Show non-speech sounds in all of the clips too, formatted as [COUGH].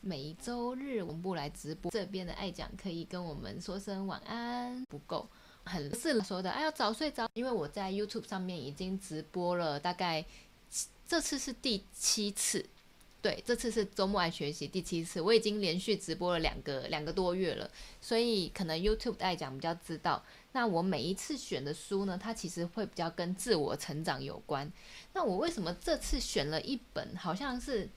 每週日，我們不來直播這邊的愛講可以跟我們說聲晚安，不夠，很自然說的。啊，要早睡早，因為我在 YouTube 上面已經直播了大概，這次是第七次，對，這次是周末艾學習第七次，我已經連續直播了兩個兩個多月了，所以可能 YouTube 的愛講比較知道。那我每一次選的書呢，它其實會比較跟自我成長有關。那我為什麼這次選了一本好像是？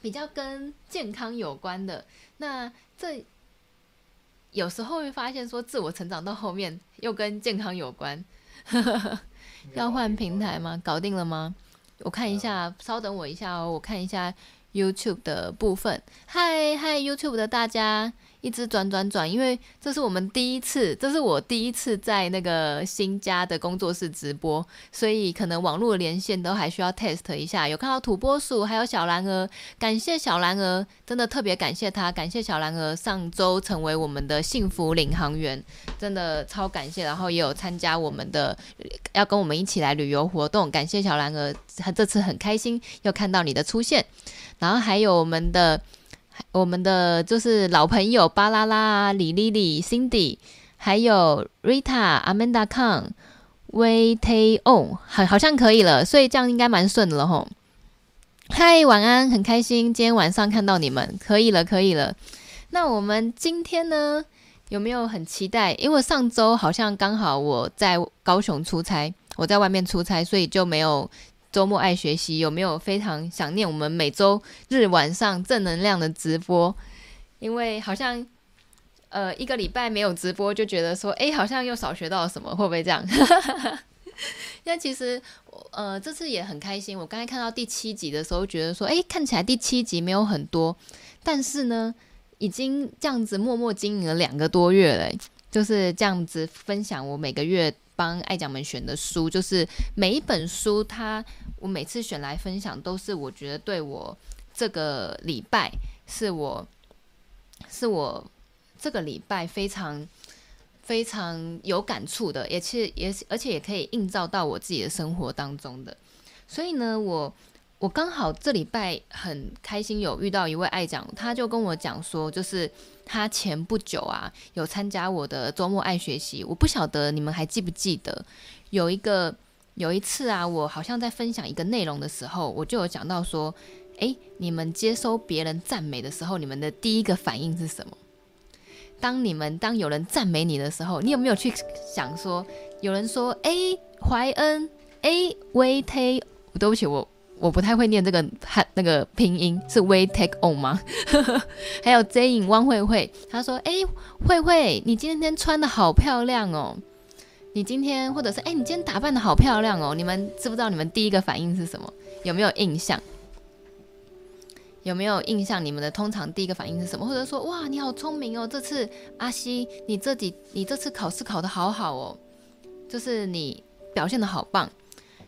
比較跟健康有關的，那這有時候會發現說，自我成長到後面又跟健康有關， [LAUGHS] 要換平台嗎？搞定了嗎？我看一下，稍等我一下哦，我看一下。YouTube 的部分，嗨嗨，YouTube 的大家，一直轉轉轉，因為這是我們第一次，這是我第一次在那個新家的工作室直播，所以可能網絡連線都還需要 test 一下。有看到土撥鼠，還有小藍兒，感謝小藍兒，真的特別感謝他，感謝小藍兒上周成為我們的幸福領航員，真的超感謝，然後也有參加我們的要跟我們一起來旅遊活動，感謝小藍兒，這次很開心又看到你的出現。然後還有我們的、我們的就是老朋友巴啦啦、李麗麗、Cindy，還有 Rita、Amanda、康、Wei、Tay、哦、好好像可以了，所以這樣應該蠻順的了吼。嗨，晚安，很開心今天晚上看到你們，可以了，可以了。那我們今天呢，有沒有很期待？因為上周好像剛好我在高雄出差，我在外面出差，所以就沒有。周末愛學習，有沒有非常想念我們每周日晚上正能量的直播？因為好像，呃，一個禮拜沒有直播就覺得說，哎、欸，好像又少學到了什麼，會不會這樣？那 [LAUGHS] 其實，呃，這次也很開心。我剛才看到第七集的時候，覺得說，哎、欸，看起來第七集沒有很多，但是呢，已經這樣子默默經營了兩個多月了欸。就是這樣子分享我每個月幫艾講們選的書，就是每一本書，它我每次選來分享，都是我覺得對我這個禮拜是我，是我這個禮拜非常非常有感觸的，也其實也而且也可以映照到我自己的生活當中的，所以呢，我。我剛好這禮拜很開心，有遇到一位愛講，他就跟我講說，就是他前不久啊有參加我的周末艾學習。我不曉得你們還記不記得，有一個有一次啊，我好像在分享一個內容的時候，我就有講到說，哎、欸，你們接收別人讚美的時候，你們的第一個反應是什麼？當你們當有人讚美你的時候，你有沒有去想說，有人說，哎、欸，懷恩，哎、欸，微推、哦，對不起，我。我不太會念這個漢那個拼音是 wait take on 嗎？ [LAUGHS] 還有 Jane 汪慧慧，他說：誒、欸，慧慧，你今天穿得好漂亮哦！你今天，或者是誒、欸，你今天打扮得好漂亮哦！你們知不知道你們第一個反應是什麼？有沒有印象？有沒有印象？你們的通常第一個反應是什麼？或者說，哇，你好聰明哦！這次阿西，你這幾，你這次考試考得好好哦，就是你表現得好棒。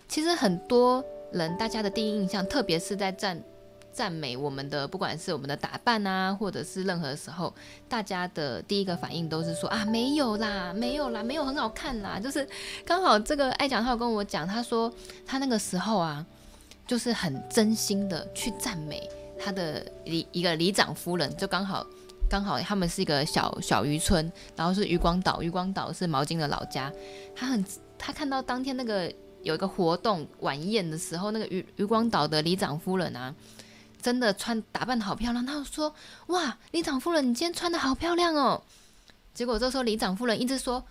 其實很多。人大家的第一印象，特別是在贊讚美我們的，不管是我們的打扮啊，或者是任何時候，大家的第一個反應都是說啊，沒有啦，沒有啦，沒有很好看啦。就是剛好這個艾講他有跟我講，他說他那個時候啊，就是很真心的去讚美他的一個里，一個里長夫人，就剛好剛好他們是一個小小漁村，然後是漁光島，漁光島是毛巾的老家，他很他看到當天那個。有一個活動晚宴的時候，那個漁漁光島的里長夫人啊，真的穿打扮好漂亮。她就說：“哇，里長夫人，你今天穿得好漂亮哦。”結果這時候里長夫人一直說：“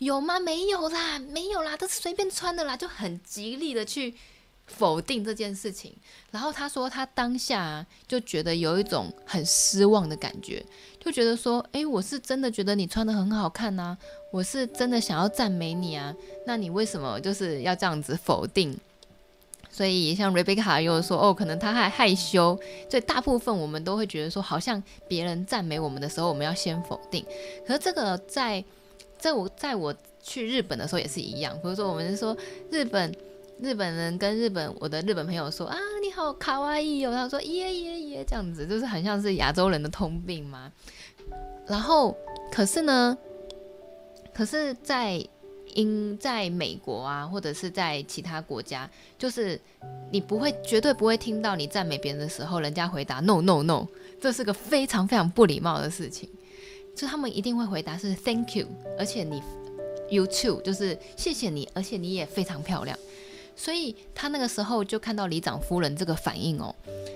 有嗎？沒有啦，沒有啦，都是隨便穿的啦。”就很極力的去。否定這件事情，然後他說他當下、啊、就覺得有一種很失望的感覺，就覺得說，誒，我是真的覺得你穿得很好看吶、啊，我是真的想要讚美你啊，那你為什麼就是要這樣子否定？所以像 Rebecca 又說，哦，可能他還害羞，所以大部分我們都會覺得說，好像別人讚美我們的時候，我們要先否定。可是這個在在我在我去日本的時候也是一樣，比如說我們是說日本。日本人跟日本我的日本朋友說啊，你好卡哇伊哦，他說耶耶耶，這樣子，就是很像是亞洲人的通病嘛。然後可是呢，可是在英在美國啊，或者是在其他國家，就是你不會絕對不會聽到你讚美別人的時候，人家回答 no no no，這是個非常非常不禮貌的事情。就他們一定會回答是 thank you，而且你 you too，就是謝謝你，而且你也非常漂亮。所以他那個時候就看到里長夫人這個反應哦，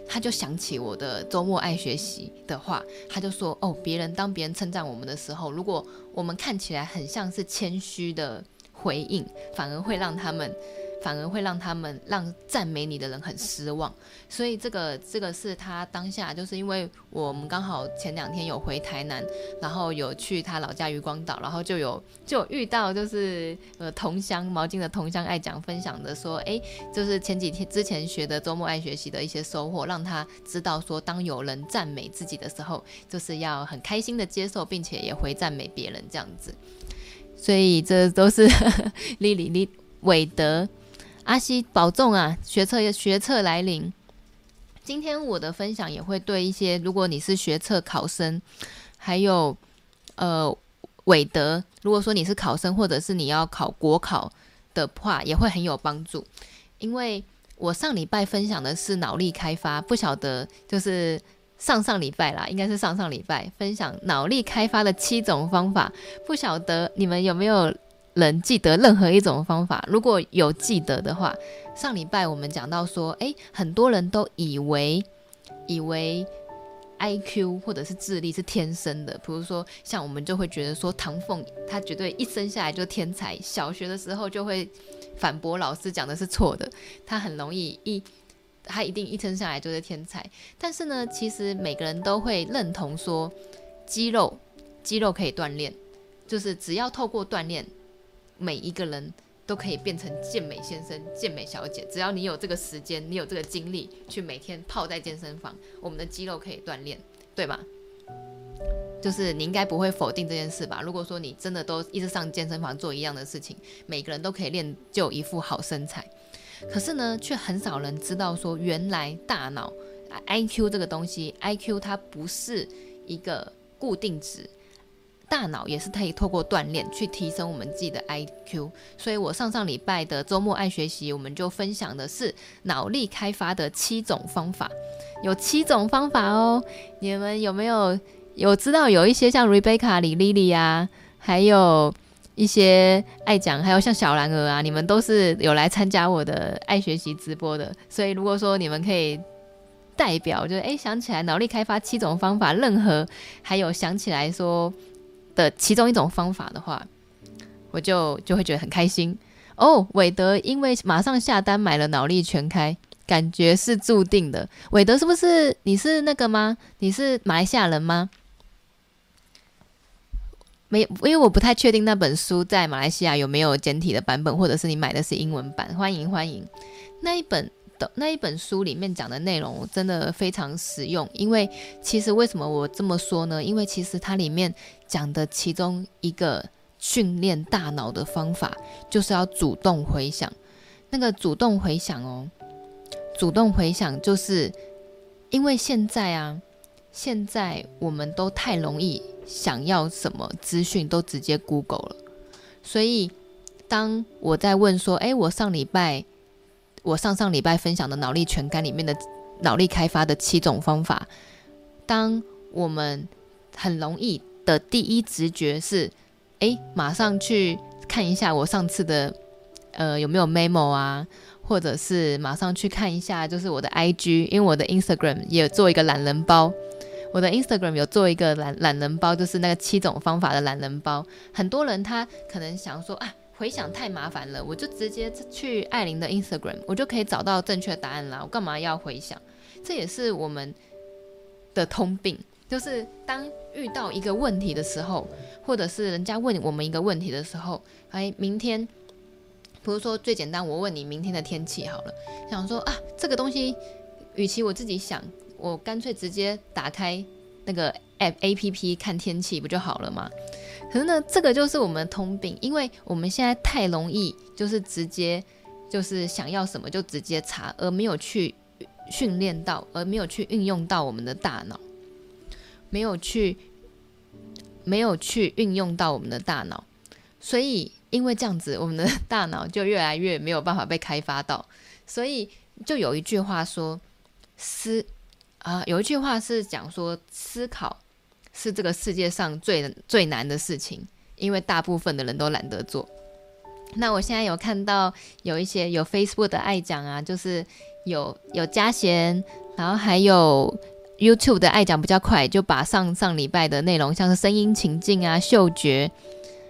他就想起我的周末愛學習的話，他就說哦，別人當別人稱讚我們的時候，如果我們看起來很像是謙虛的回應，反而會讓他們。反而會讓他們讓讚美你的人很失望，所以這個這個是他當下，就是因為我們剛好前兩天有回台南，然後有去他老家漁光島，然後就有就有遇到就是呃同鄉毛巾的同鄉愛講分享的說，哎，就是前幾天之前學的週末愛學習的一些收穫，讓他知道說，當有人讚美自己的時候，就是要很開心的接受，並且也會讚美別人這樣子，所以這都是莉莉莉韋德。阿西保重啊！學測學測來臨，今天我的分享也會對一些，如果你是學測考生，還有呃韋德，如果說你是考生或者是你要考國考的話，也會很有幫助。因為我上禮拜分享的是腦力開發，不曉得就是上上禮拜啦，應該是上上禮拜分享腦力開發的七種方法，不曉得你們有沒有人記得任何一種方法，如果有記得的話，上禮拜我們講到說，哎、欸，很多人都以為以為 IQ 或者是智力是天生的，比如說像我們就會覺得說，唐鳳他絕對一生下來就是天才，小學的時候就會反駁老師講的是錯的，他很容易一他一定一生下來就是天才，但是呢，其實每個人都會認同說，肌肉肌肉可以鍛鍊，就是只要透過鍛鍊。每一個人都可以變成健美先生、健美小姐，只要你有這個時間，你有這個精力去每天泡在健身房，我們的肌肉可以鍛鍊，對吧？就是你應該不會否定這件事吧？如果說你真的都一直上健身房做一樣的事情，每個人都可以練就一副好身材。可是呢，卻很少人知道說，原來大腦 IQ 這個東西，IQ 它不是一個固定值。大腦也是可以透過鍛鍊去提升我們自己的 IQ，所以我上上禮拜的周末愛學習，我們就分享的是腦力開發的七種方法，有七種方法哦、喔。你們有沒有有知道有一些像 Rebecca、李麗麗啊，還有一些愛講，還有像小蘭兒啊，你們都是有來參加我的愛學習直播的，所以如果說你們可以代表，就哎、欸、想起來腦力開發七種方法，任何還有想起來說的其中一種方法的話，我就就會覺得很開心哦。Oh, 韋德因為馬上下單買了《腦力全開》，感覺是注定的。韋德是不是你是那個嗎？你是馬來西亞人嗎？沒有，因為我不太確定那本書在馬來西亞有沒有簡體的版本，或者是你買的是英文版。歡迎歡迎，那一本的那一本書裡面講的內容真的非常實用。因為其實為什麼我這麼說呢？因為其實它裡面。講的其中一個訓練大腦的方法，就是要主動回想。那個主動回想哦，主動回想就是，因為現在啊，現在我們都太容易想要什麼資訊都直接 Google 了，所以當我在問說，哎，我上禮拜，我上上禮拜分享的腦力全開裡面的腦力開發的七種方法，當我們很容易。的第一直覺是，哎，馬上去看一下我上次的，呃，有沒有 memo 啊？或者是馬上去看一下，就是我的 IG，因為我的 Instagram 也有做一個懶人包，我的 Instagram 有做一個懶懶人包，就是那個七種方法的懶人包。很多人他可能想說啊，回想太麻煩了，我就直接去艾琳的 Instagram，我就可以找到正確答案啦。我幹嘛要回想？這也是我們的通病。就是當遇到一個問題的時候，或者是人家問我們一個問題的時候，哎，明天比如說最簡單，我問你明天的天氣好了，想說啊，這個東西，與其我自己想，我乾脆直接打開那個 APP 看天氣不就好了嗎？可是呢，這個就是我們的通病，因為我們現在太容易，就是直接就是想要什麼就直接查，而沒有去訓練到，而沒有去運用到我們的大腦。沒有去，沒有去運用到我們的大腦，所以因為這樣子，我們的大腦就越來越沒有辦法被開發到。所以就有一句話說思啊，有一句話是講說思考是這個世界上最最難的事情，因為大部分的人都懶得做。那我現在有看到有一些有 Facebook 的愛講啊，就是有有家賢，然後還有。YouTube 的愛講比較快，就把上上禮拜的內容，像是聲音情境啊、嗅覺，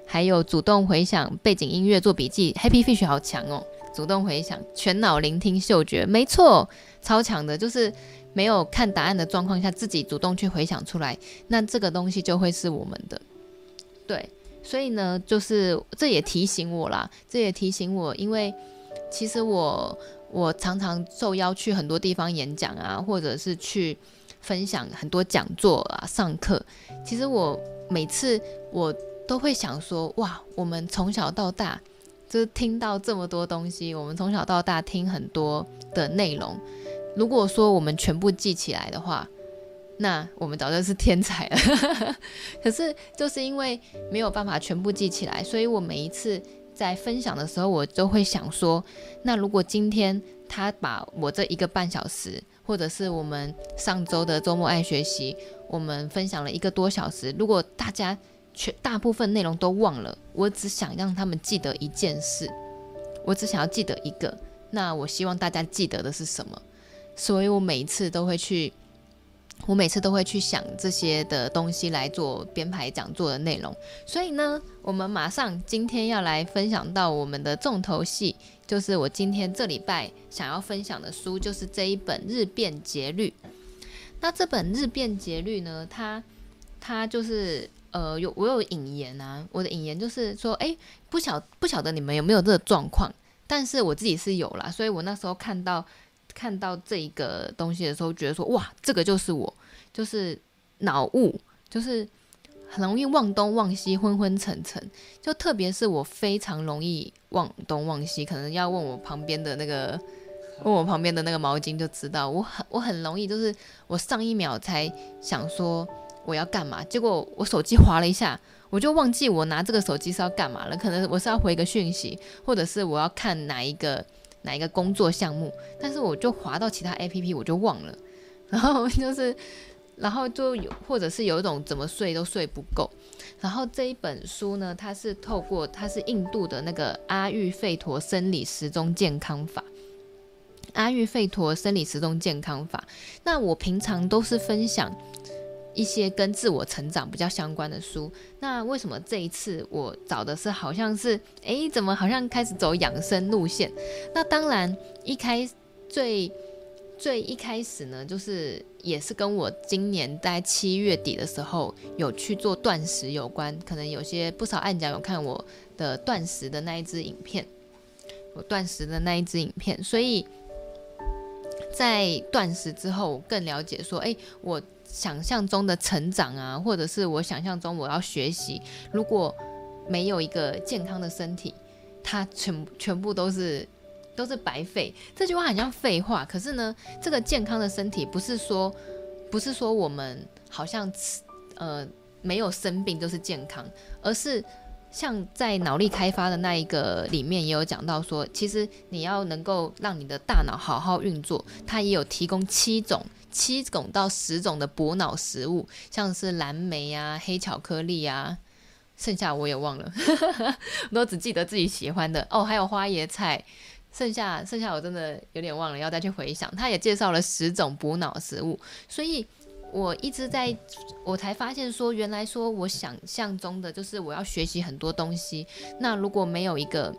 還有主動回想、背景音樂、做筆記，Happy Fish 好強哦！主動回想、全腦聆聽、嗅覺，沒錯，超強的，就是沒有看答案的狀況下，自己主動去回想出來，那這個東西就會是我們的。對，所以呢，就是這也提醒我啦，這也提醒我，因為其實我我常常受邀去很多地方演講啊，或者是去。分享很多講座啊，上課。其實我每次我都會想說，哇，我們從小到大，就是聽到這麼多東西。我們從小到大聽很多的內容，如果說我們全部記起來的話，那我們早就是天才了。 [LAUGHS] 可是就是因為沒有辦法全部記起來，所以我每一次在分享的時候，我都會想說，那如果今天他把我這一個半小時。或者是我們上周的周末愛學習，我們分享了一個多小時。如果大家全大部分內容都忘了，我只想讓他們記得一件事，我只想要記得一個。那我希望大家記得的是什麼？所以我每一次都會去，我每次都會去想這些的東西來做編排講座的內容。所以呢，我們馬上今天要來分享到我們的重頭戲。就是我今天這禮拜想要分享的書，就是這一本《日變節律》。那這本《日變節律》呢，它它就是呃，有我有引言啊。我的引言就是說，誒，不曉不曉得你們有沒有這個狀況，但是我自己是有啦。所以我那時候看到看到這一個東西的時候，覺得說，哇，這個就是我，就是腦霧，就是很容易忘東忘西，昏昏沉沉。就特別是我非常容易。忘東忘西，可能要問我旁邊的那個，問我旁邊的那個毛巾就知道。我很我很容易，就是我上一秒才想說我要幹嘛，結果我手機滑了一下，我就忘記我拿這個手機是要幹嘛了。可能我是要回個訊息，或者是我要看哪一個哪一個工作項目，但是我就滑到其他 APP，我就忘了。然後就是，然後就有，或者是有一種怎麼睡都睡不夠。然後這一本書呢，它是透過，它是印度的那個阿育吠陀生理時鐘健康法，阿育吠陀生理時鐘健康法。那我平常都是分享一些跟自我成長比較相關的書，那為什麼這一次我找的是好像是，誒？怎麼好像開始走養生路線？那當然，一開最。最一開始呢，就是也是跟我今年在七月底的時候有去做斷食有關，可能有些不少案假有看我的斷食的那一支影片，我斷食的那一支影片，所以在斷食之後，更了解說，哎、欸，我想象中的成長啊，或者是我想象中我要學習，如果沒有一個健康的身體，它全全部都是。都是白費。這句話很像廢話，可是呢，這個健康的身體不是說，不是說我們好像吃呃沒有生病都是健康，而是像在腦力開發的那一個裡面也有講到說，其實你要能夠讓你的大腦好好運作，它也有提供七種七種到十種的補腦食物，像是藍莓啊、黑巧克力啊，剩下我也忘了，呵呵，我都只記得自己喜歡的哦，還有花椰菜。剩下剩下我真的有點忘了，要再去回想。他也介紹了十種補腦食物，所以我一直在，我才發現說，原來說我想象中的就是我要學習很多東西。那如果沒有一個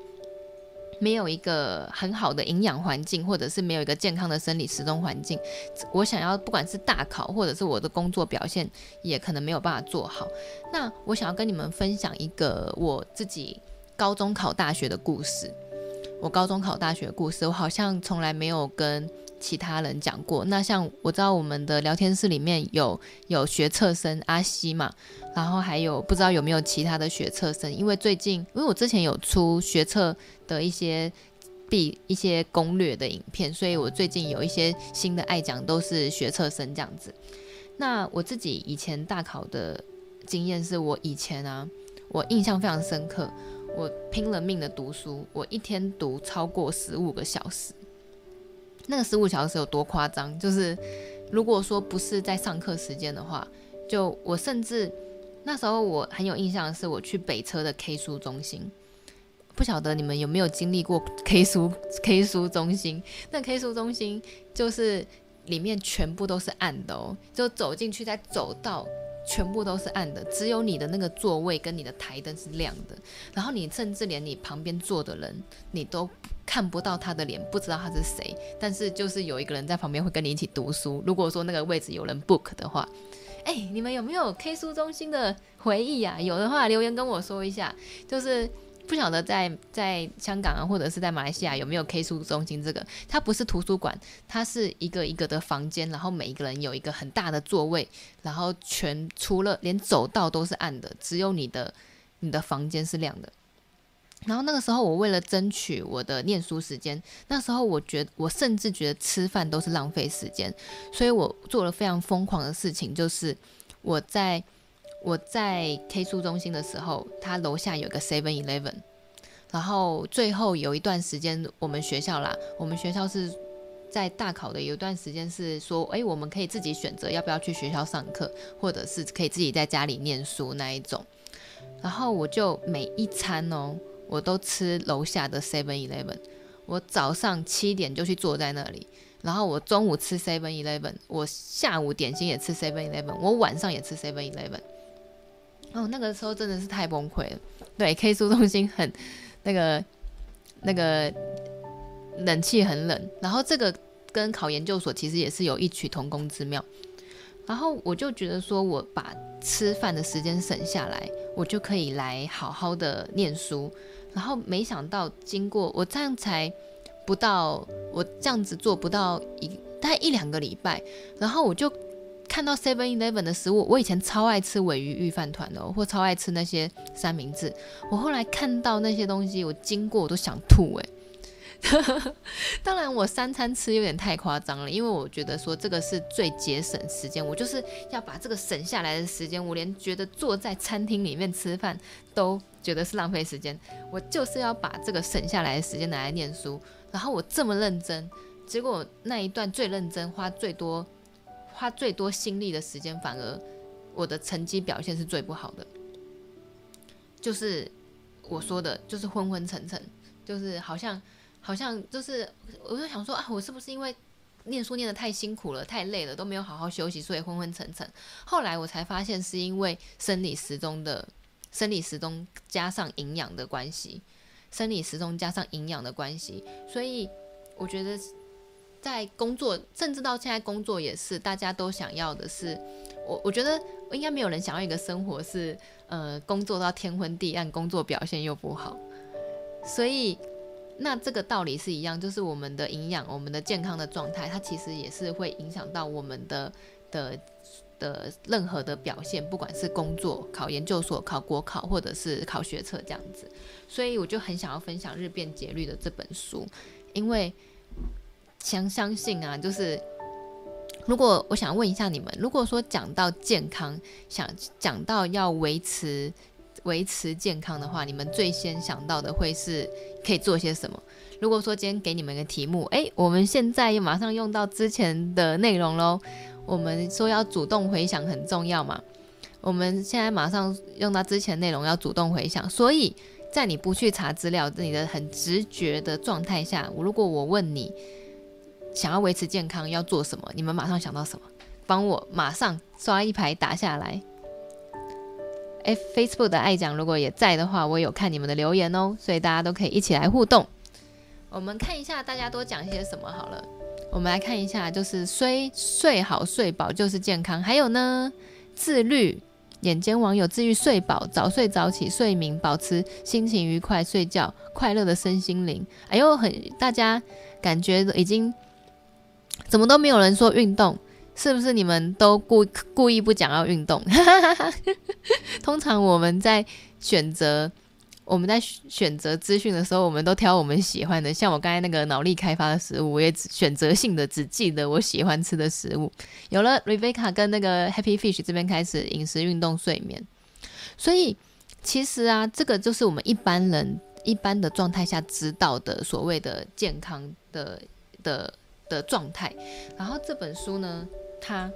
沒有一個很好的營養環境，或者是沒有一個健康的生理時鐘環境，我想要不管是大考或者是我的工作表現，也可能沒有辦法做好。那我想要跟你們分享一個我自己高中考大學的故事。我高中考大學的故事，我好像從來沒有跟其他人講過。那像我知道我們的聊天室裡面有有學測生阿西嘛，然後還有不知道有沒有其他的學測生，因為最近因為我之前有出學測的一些必一些攻略的影片，所以我最近有一些新的愛講都是學測生這樣子。那我自己以前大考的經驗是我以前啊，我印象非常深刻。我拼了命的讀書，我一天讀超過十五個小時。那個十五小時有多誇張？就是如果說不是在上課時間的話，就我甚至那時候我很有印象的是，我去北車的 K 書中心。不曉得你們有沒有經歷過 K 書 K 書中心？那 K 書中心就是裡面全部都是暗的哦，就走進去再走到。全部都是暗的，只有你的那個座位跟你的台燈是亮的。然後你甚至連你旁邊坐的人，你都看不到他的臉，不知道他是誰。但是就是有一個人在旁邊會跟你一起讀書。如果說那個位置有人 book 的話，哎、欸，你們有沒有 K 書中心的回憶啊？有的話留言跟我說一下，就是。不曉得在在香港啊，或者是在馬來西亞有沒有 K 書中心？這個它不是圖書館，它是一個一個的房間，然後每一個人有一個很大的座位，然後全除了連走道都是暗的，只有你的你的房間是亮的。然後那個時候，我為了爭取我的念書時間，那時候我覺得我甚至覺得吃飯都是浪費時間，所以我做了非常瘋狂的事情，就是我在。我在 K 書中心的時候，他樓下有個 Seven Eleven，然後最後有一段時間，我們學校啦，我們學校是在大考的有一段時間是說，哎，我們可以自己選擇要不要去學校上課，或者是可以自己在家裡念書那一種。然後我就每一餐哦，我都吃樓下的 Seven Eleven。11, 我早上七點就去坐在那裡，然後我中午吃 Seven Eleven，我下午點心也吃 Seven Eleven，我晚上也吃 Seven Eleven。哦，那個時候真的是太崩潰了。對，K 書中心很那個那個冷氣很冷，然後這個跟考研究所其實也是有異曲同工之妙。然後我就覺得說，我把吃飯的時間省下來，我就可以來好好的念書。然後沒想到，經過我這樣才不到，我這樣子做不到一，大概一兩個禮拜，然後我就。看到 Seven Eleven 的食物，我以前超愛吃鮪魚御飯糰的，喔，或超愛吃那些三明治。我後來看到那些東西，我經過我都想吐誒、欸， [LAUGHS] 當然，我三餐吃有點太誇張了，因為我覺得說這個是最節省時間。我就是要把這個省下來的時間，我連覺得坐在餐廳裡面吃飯都覺得是浪費時間。我就是要把這個省下來的時間拿來念書。然後我這麼認真，結果那一段最認真，花最多。花最多心力的時間，反而我的成績表現是最不好的。就是我說的，就是昏昏沉沉，就是好像好像就是，我就想說啊，我是不是因為念書念得太辛苦了，太累了，都沒有好好休息，所以昏昏沉沉。後來我才發現，是因為生理時鐘的生理時鐘加上營養的關係，生理時鐘加上營養的關係，所以我覺得。在工作，甚至到現在工作也是，大家都想要的是，我我覺得我應該沒有人想要一個生活是，呃，工作到天昏地暗，工作表現又不好。所以，那這個道理是一樣，就是我們的營養、我們的健康的狀態，它其實也是會影響到我們的的的任何的表現，不管是工作、考研究所、考國考，或者是考學測這樣子。所以，我就很想要分享《日變節律》的這本書，因為。相相信啊，就是如果我想問一下你們，如果說講到健康，想講到要維持維持健康的話，你們最先想到的會是可以做些什麼？如果說今天給你們一個題目，誒，我們現在又馬上用到之前的內容嘍。我們說要主動回想很重要嘛？我們現在馬上用到之前的內容，要主動回想。所以在你不去查資料、你的很直覺的狀態下，如果我問你。想要維持健康要做什麼？你們馬上想到什麼？幫我馬上刷一排打下來。哎、欸、Facebook 的愛講如果也在的話，我有看你們的留言哦、喔，所以大家都可以一起來互動。我們看一下大家都講些什麼好了。我們來看一下，就是睡睡好睡飽就是健康。還有呢，自律。眼尖網友自律睡飽，早睡早起，睡眠保持心情愉快，睡覺快樂的身心靈。哎喲，很大家感覺已經。怎麼都沒有人說運動，是不是你們都故故意不講要運動？哈哈哈哈，通常我們在選擇我們在選擇資訊的時候，我們都挑我們喜歡的。像我剛才那個腦力開發的食物，我也只選擇性的只記得我喜歡吃的食物。有了 Rebecca 跟那個 Happy Fish 這邊開始飲食、運動、睡眠，所以其實啊，這個就是我們一般人一般的狀態下知道的所謂的健康的的。的狀態，然後這本書呢，他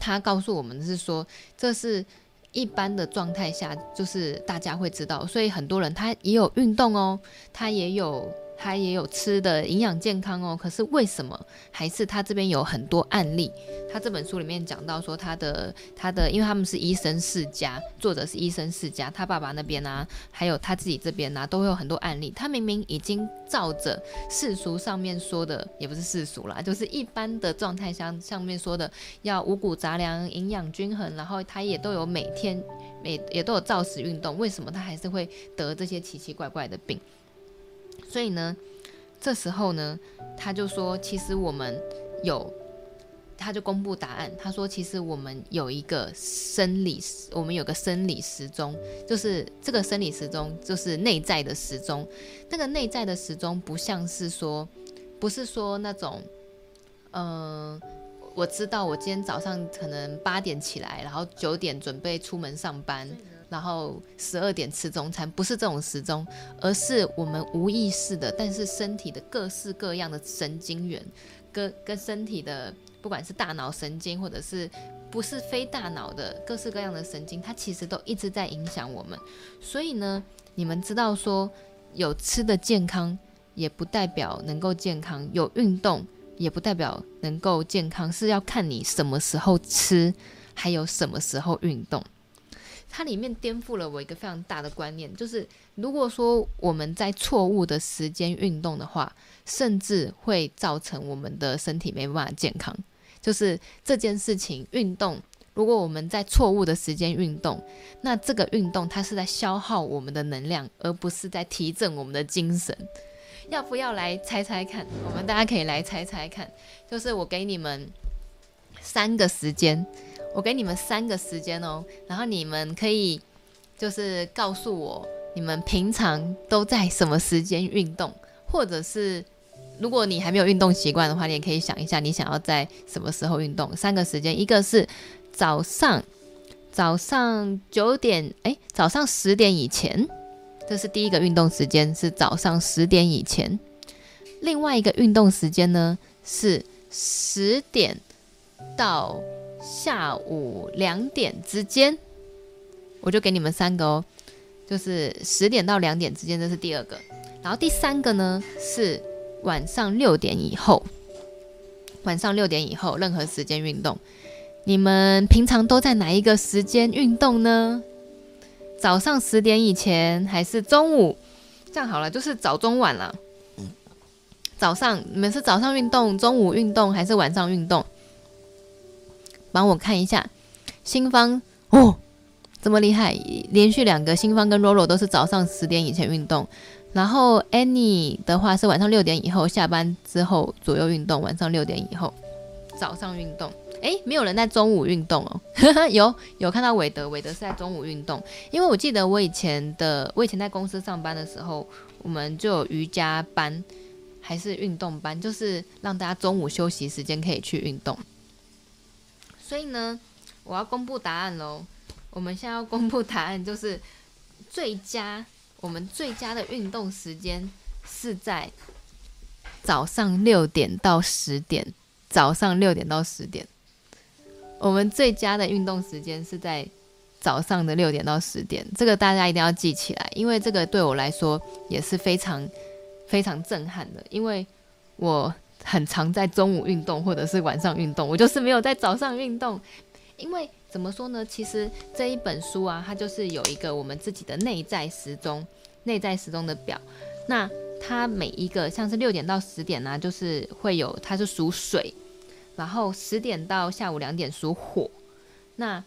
他告訴我們是說，這是一般的狀態下，就是大家會知道，所以很多人他也有運動哦，他也有，他也有吃的營養健康哦，可是為什麼還是他這邊有很多案例？他這本書裡面講到說他的他的，因為他們是醫生世家，作者是醫生世家，他爸爸那邊呢、啊，還有他自己這邊呢、啊，都會有很多案例。他明明已經照着世俗上面說的，也不是世俗啦，就是一般的狀態像上面說的要五穀雜糧、營養均衡，然後他也都有每天每也都有照時運動，為什麼他還是會得這些奇奇怪怪的病？所以呢，這時候呢，他就說，其實我們有，他就公布答案。他說，其實我們有一個生理，我們有個生理時鐘，就是這個生理時鐘就是內在的時鐘。那個內在的時鐘不像是說，不是說那種，嗯，呃，我知道我今天早上可能八點起來，然後九點準備出門上班。嗯然後十二點吃中餐，不是這種時鐘，而是我們無意識的，但是身體的各式各樣的神經元，跟跟身體的，不管是大腦神經，或者是不是非大腦的各式各樣的神經，它其實都一直在影響我們。所以呢，你們知道說有吃的健康，也不代表能夠健康；有運動，也不代表能夠健康，是要看你什麼時候吃，還有什麼時候運動。它裡面顛覆了我一個非常大的觀念，就是如果說我們在錯誤的時間運動的話，甚至會造成我們的身體沒辦法健康。就是這件事情，運動如果我們在錯誤的時間運動，那這個運動它是在消耗我們的能量，而不是在提振我們的精神。要不要來猜猜看？我們大家可以來猜猜看，就是我給你們三個時間。我給你們三個時間哦，然後你們可以就是告訴我你們平常都在什麼時間運動，或者是如果你還沒有運動習慣的話，你也可以想一下你想要在什麼時候運動。三個時間，一個是早上，早上九點，哎，早上十點以前，這是第一個運動時間，是早上十點以前。另外一個運動時間呢是十點到。下午兩點之間，我就給你們三個哦、喔，就是十點到兩點之間，這是第二個，然後第三個呢是晚上六點以後，晚上六點以後任何時間運動，你們平常都在哪一個時間運動呢？早上十點以前還是中午？這樣好了，就是早中晚了、嗯。早上，你們是早上運動、中午運動還是晚上運動？幫我看一下，新方哦，這麼厲害，連續兩個新方跟羅羅都是早上十點以前運動，然後 Annie 的話是晚上六點以後下班之後左右運動，晚上六點以後早上運動，誒、欸，沒有人在中午運動哦， [LAUGHS] 有有看到韋德，韋德是在中午運動，因為我記得我以前的，我以前在公司上班的時候，我們就有瑜伽班還是運動班，就是讓大家中午休息時間可以去運動。所以呢，我要公布答案嘍。我們現在要公布答案，就是最佳，我們最佳的運動時間是在早上六點到十點。早上六點到十點，我們最佳的運動時間是在早上的六點到十點。這個大家一定要記起來，因為這個對我來說也是非常非常震撼的，因為我很常在中午運動或者是晚上運動，我就是沒有在早上運動，因為怎麼說呢？其實這一本書啊，它就是有一個我們自己的內在時鐘，內在時鐘的表。那它每一個像是六點到十點呢，就是會有它是屬水，然後十點到下午兩點屬火，那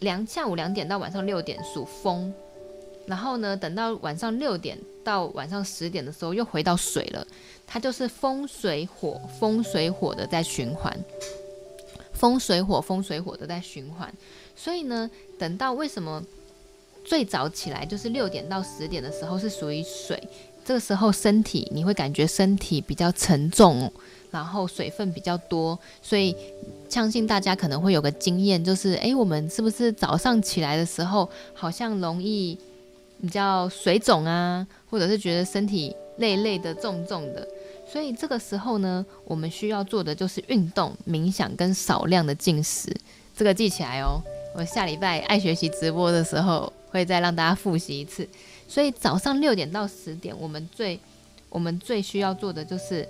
兩下午兩點到晚上六點屬風，然後呢，等到晚上六點到晚上十點的時候又回到水了。它就是風水火，風水火的在循環，風水火，風水火的在循環。所以呢，等到為什麼最早起來就是六點到十點的時候是屬於水，這個時候身體你會感覺身體比較沉重，然後水分比較多，所以相信大家可能會有個經驗，就是誒，我們是不是早上起來的時候好像容易比較水腫啊，或者是覺得身體累累的、重重的。所以這個時候呢，我們需要做的就是運動、冥想跟少量的進食。這個記起來哦，我下禮拜艾學習直播的時候會再讓大家複習一次。所以早上六點到十點，我們最我們最需要做的就是，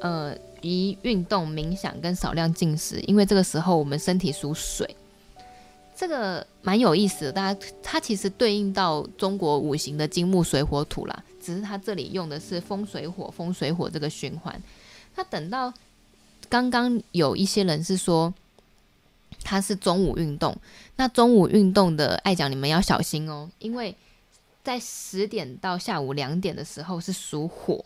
呃，一運動、冥想跟少量進食。因為這個時候我們身體屬水，這個蠻有意思的。大家它其實對應到中國五行的金木水火土啦。只是他這裡用的是風水火，風水火這個循環。那等到剛剛有一些人是說他是中午運動，那中午運動的艾講你們要小心哦，因為在十點到下午兩點的時候是屬火，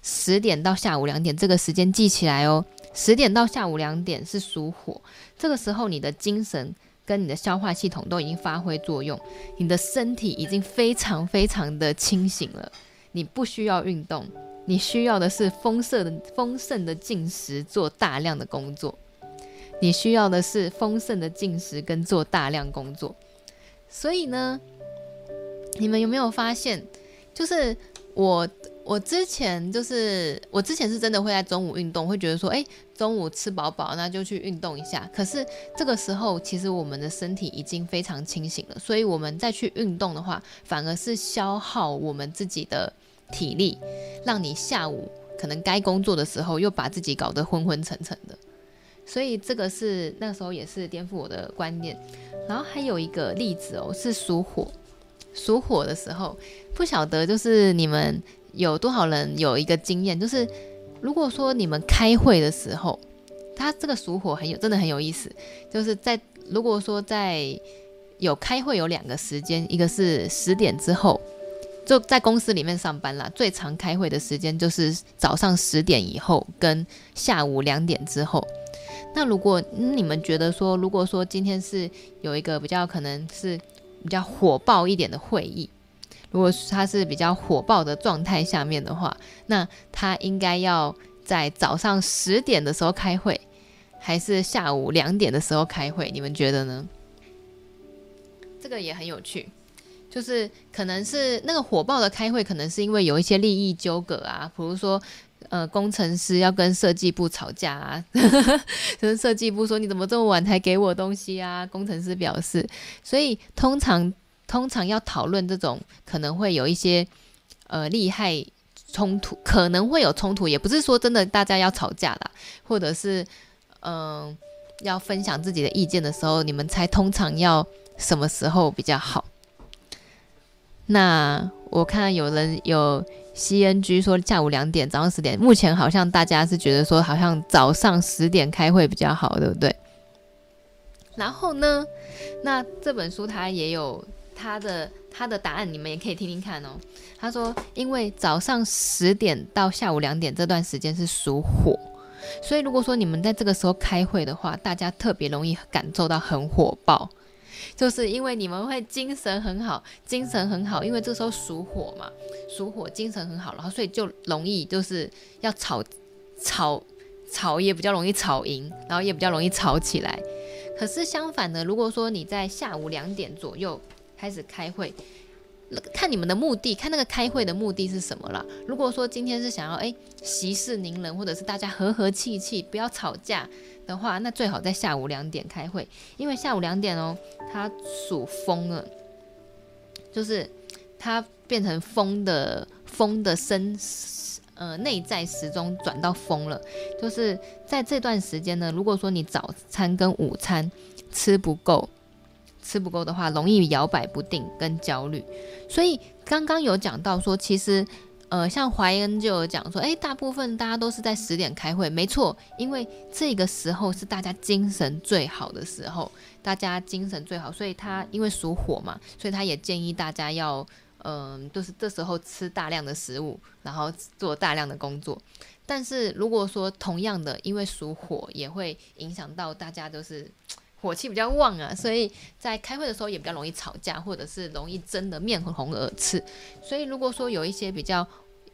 十點到下午兩點這個時間記起來哦，十點到下午兩點是屬火，這個時候你的精神跟你的消化系統都已經發揮作用，你的身體已經非常非常的清醒了。你不需要運動，你需要的是豐盛的、豐盛的進食，做大量的工作。你需要的是豐盛的進食跟做大量工作。所以呢，你們有沒有發現，就是我，我之前就是我之前是真的會在中午運動，會覺得說，哎、欸，中午吃飽飽，那就去運動一下。可是這個時候，其實我們的身體已經非常清醒了，所以我們再去運動的話，反而是消耗我們自己的。體力，讓你下午可能該工作的時候，又把自己搞得昏昏沉沉的，所以這個是那時候也是顛覆我的觀念。然後還有一個例子哦，是屬火，屬火的時候，不曉得就是你們有多少人有一個經驗，就是如果說你們開會的時候，他這個屬火很有，真的很有意思，就是在如果說在有開會有兩個時間，一個是十點之後。就在公司裡面上班啦，最常開會的時間就是早上十點以後跟下午兩點之後。那如果，嗯，你們覺得說，如果說今天是有一個比較可能是比較火爆一點的會議，如果它是比較火爆的狀態下面的話，那它應該要在早上十點的時候開會，還是下午兩點的時候開會？你們覺得呢？這個也很有趣。就是可能是那個火爆的開會，可能是因為有一些利益糾葛啊，比如說，呃，工程師要跟設計部吵架啊，就是設計部說你怎麼這麼晚才給我東西啊？工程師表示，所以通常通常要討論這種可能會有一些呃利害衝突，可能會有衝突，也不是說真的大家要吵架啦，或者是嗯、呃、要分享自己的意見的時候，你們猜通常要什麼時候比較好？那我看有人有 C N G 說下午兩點，早上十點。目前好像大家是覺得說，好像早上十點開會比較好，對不對？然後呢，那這本書它也有它的它的答案，你們也可以聽聽看哦。他說，因為早上十點到下午兩點這段時間是屬火，所以如果說你們在這個時候開會的話，大家特別容易感受到很火爆。就是因為你們會精神很好，精神很好，因為這時候屬火嘛，屬火精神很好，然後所以就容易就是要吵，吵，吵也比較容易吵贏，然後也比較容易吵起來。可是相反的，如果說你在下午兩點左右開始開會，看你們的目的，看那個開會的目的是什麼了。如果說今天是想要哎息事寧人，或者是大家和和氣氣，不要吵架。的話，那最好在下午兩點開會，因為下午兩點哦，它屬風了，就是它變成風的風的生，呃，內在時鐘轉到風了，就是在這段時間呢，如果說你早餐跟午餐吃不夠，吃不夠的話，容易搖擺不定跟焦慮，所以剛剛有講到說，其實。呃，像懷恩就有講說，誒、欸，大部分大家都是在十點開會，沒錯，因為這個時候是大家精神最好的時候，大家精神最好，所以他因為屬火嘛，所以他也建議大家要，嗯、呃，就是這時候吃大量的食物，然後做大量的工作。但是如果說同樣的，因為屬火也會影響到大家，就是。火氣比較旺啊，所以在開會的時候也比較容易吵架，或者是容易爭得面紅耳赤。所以如果說有一些比較、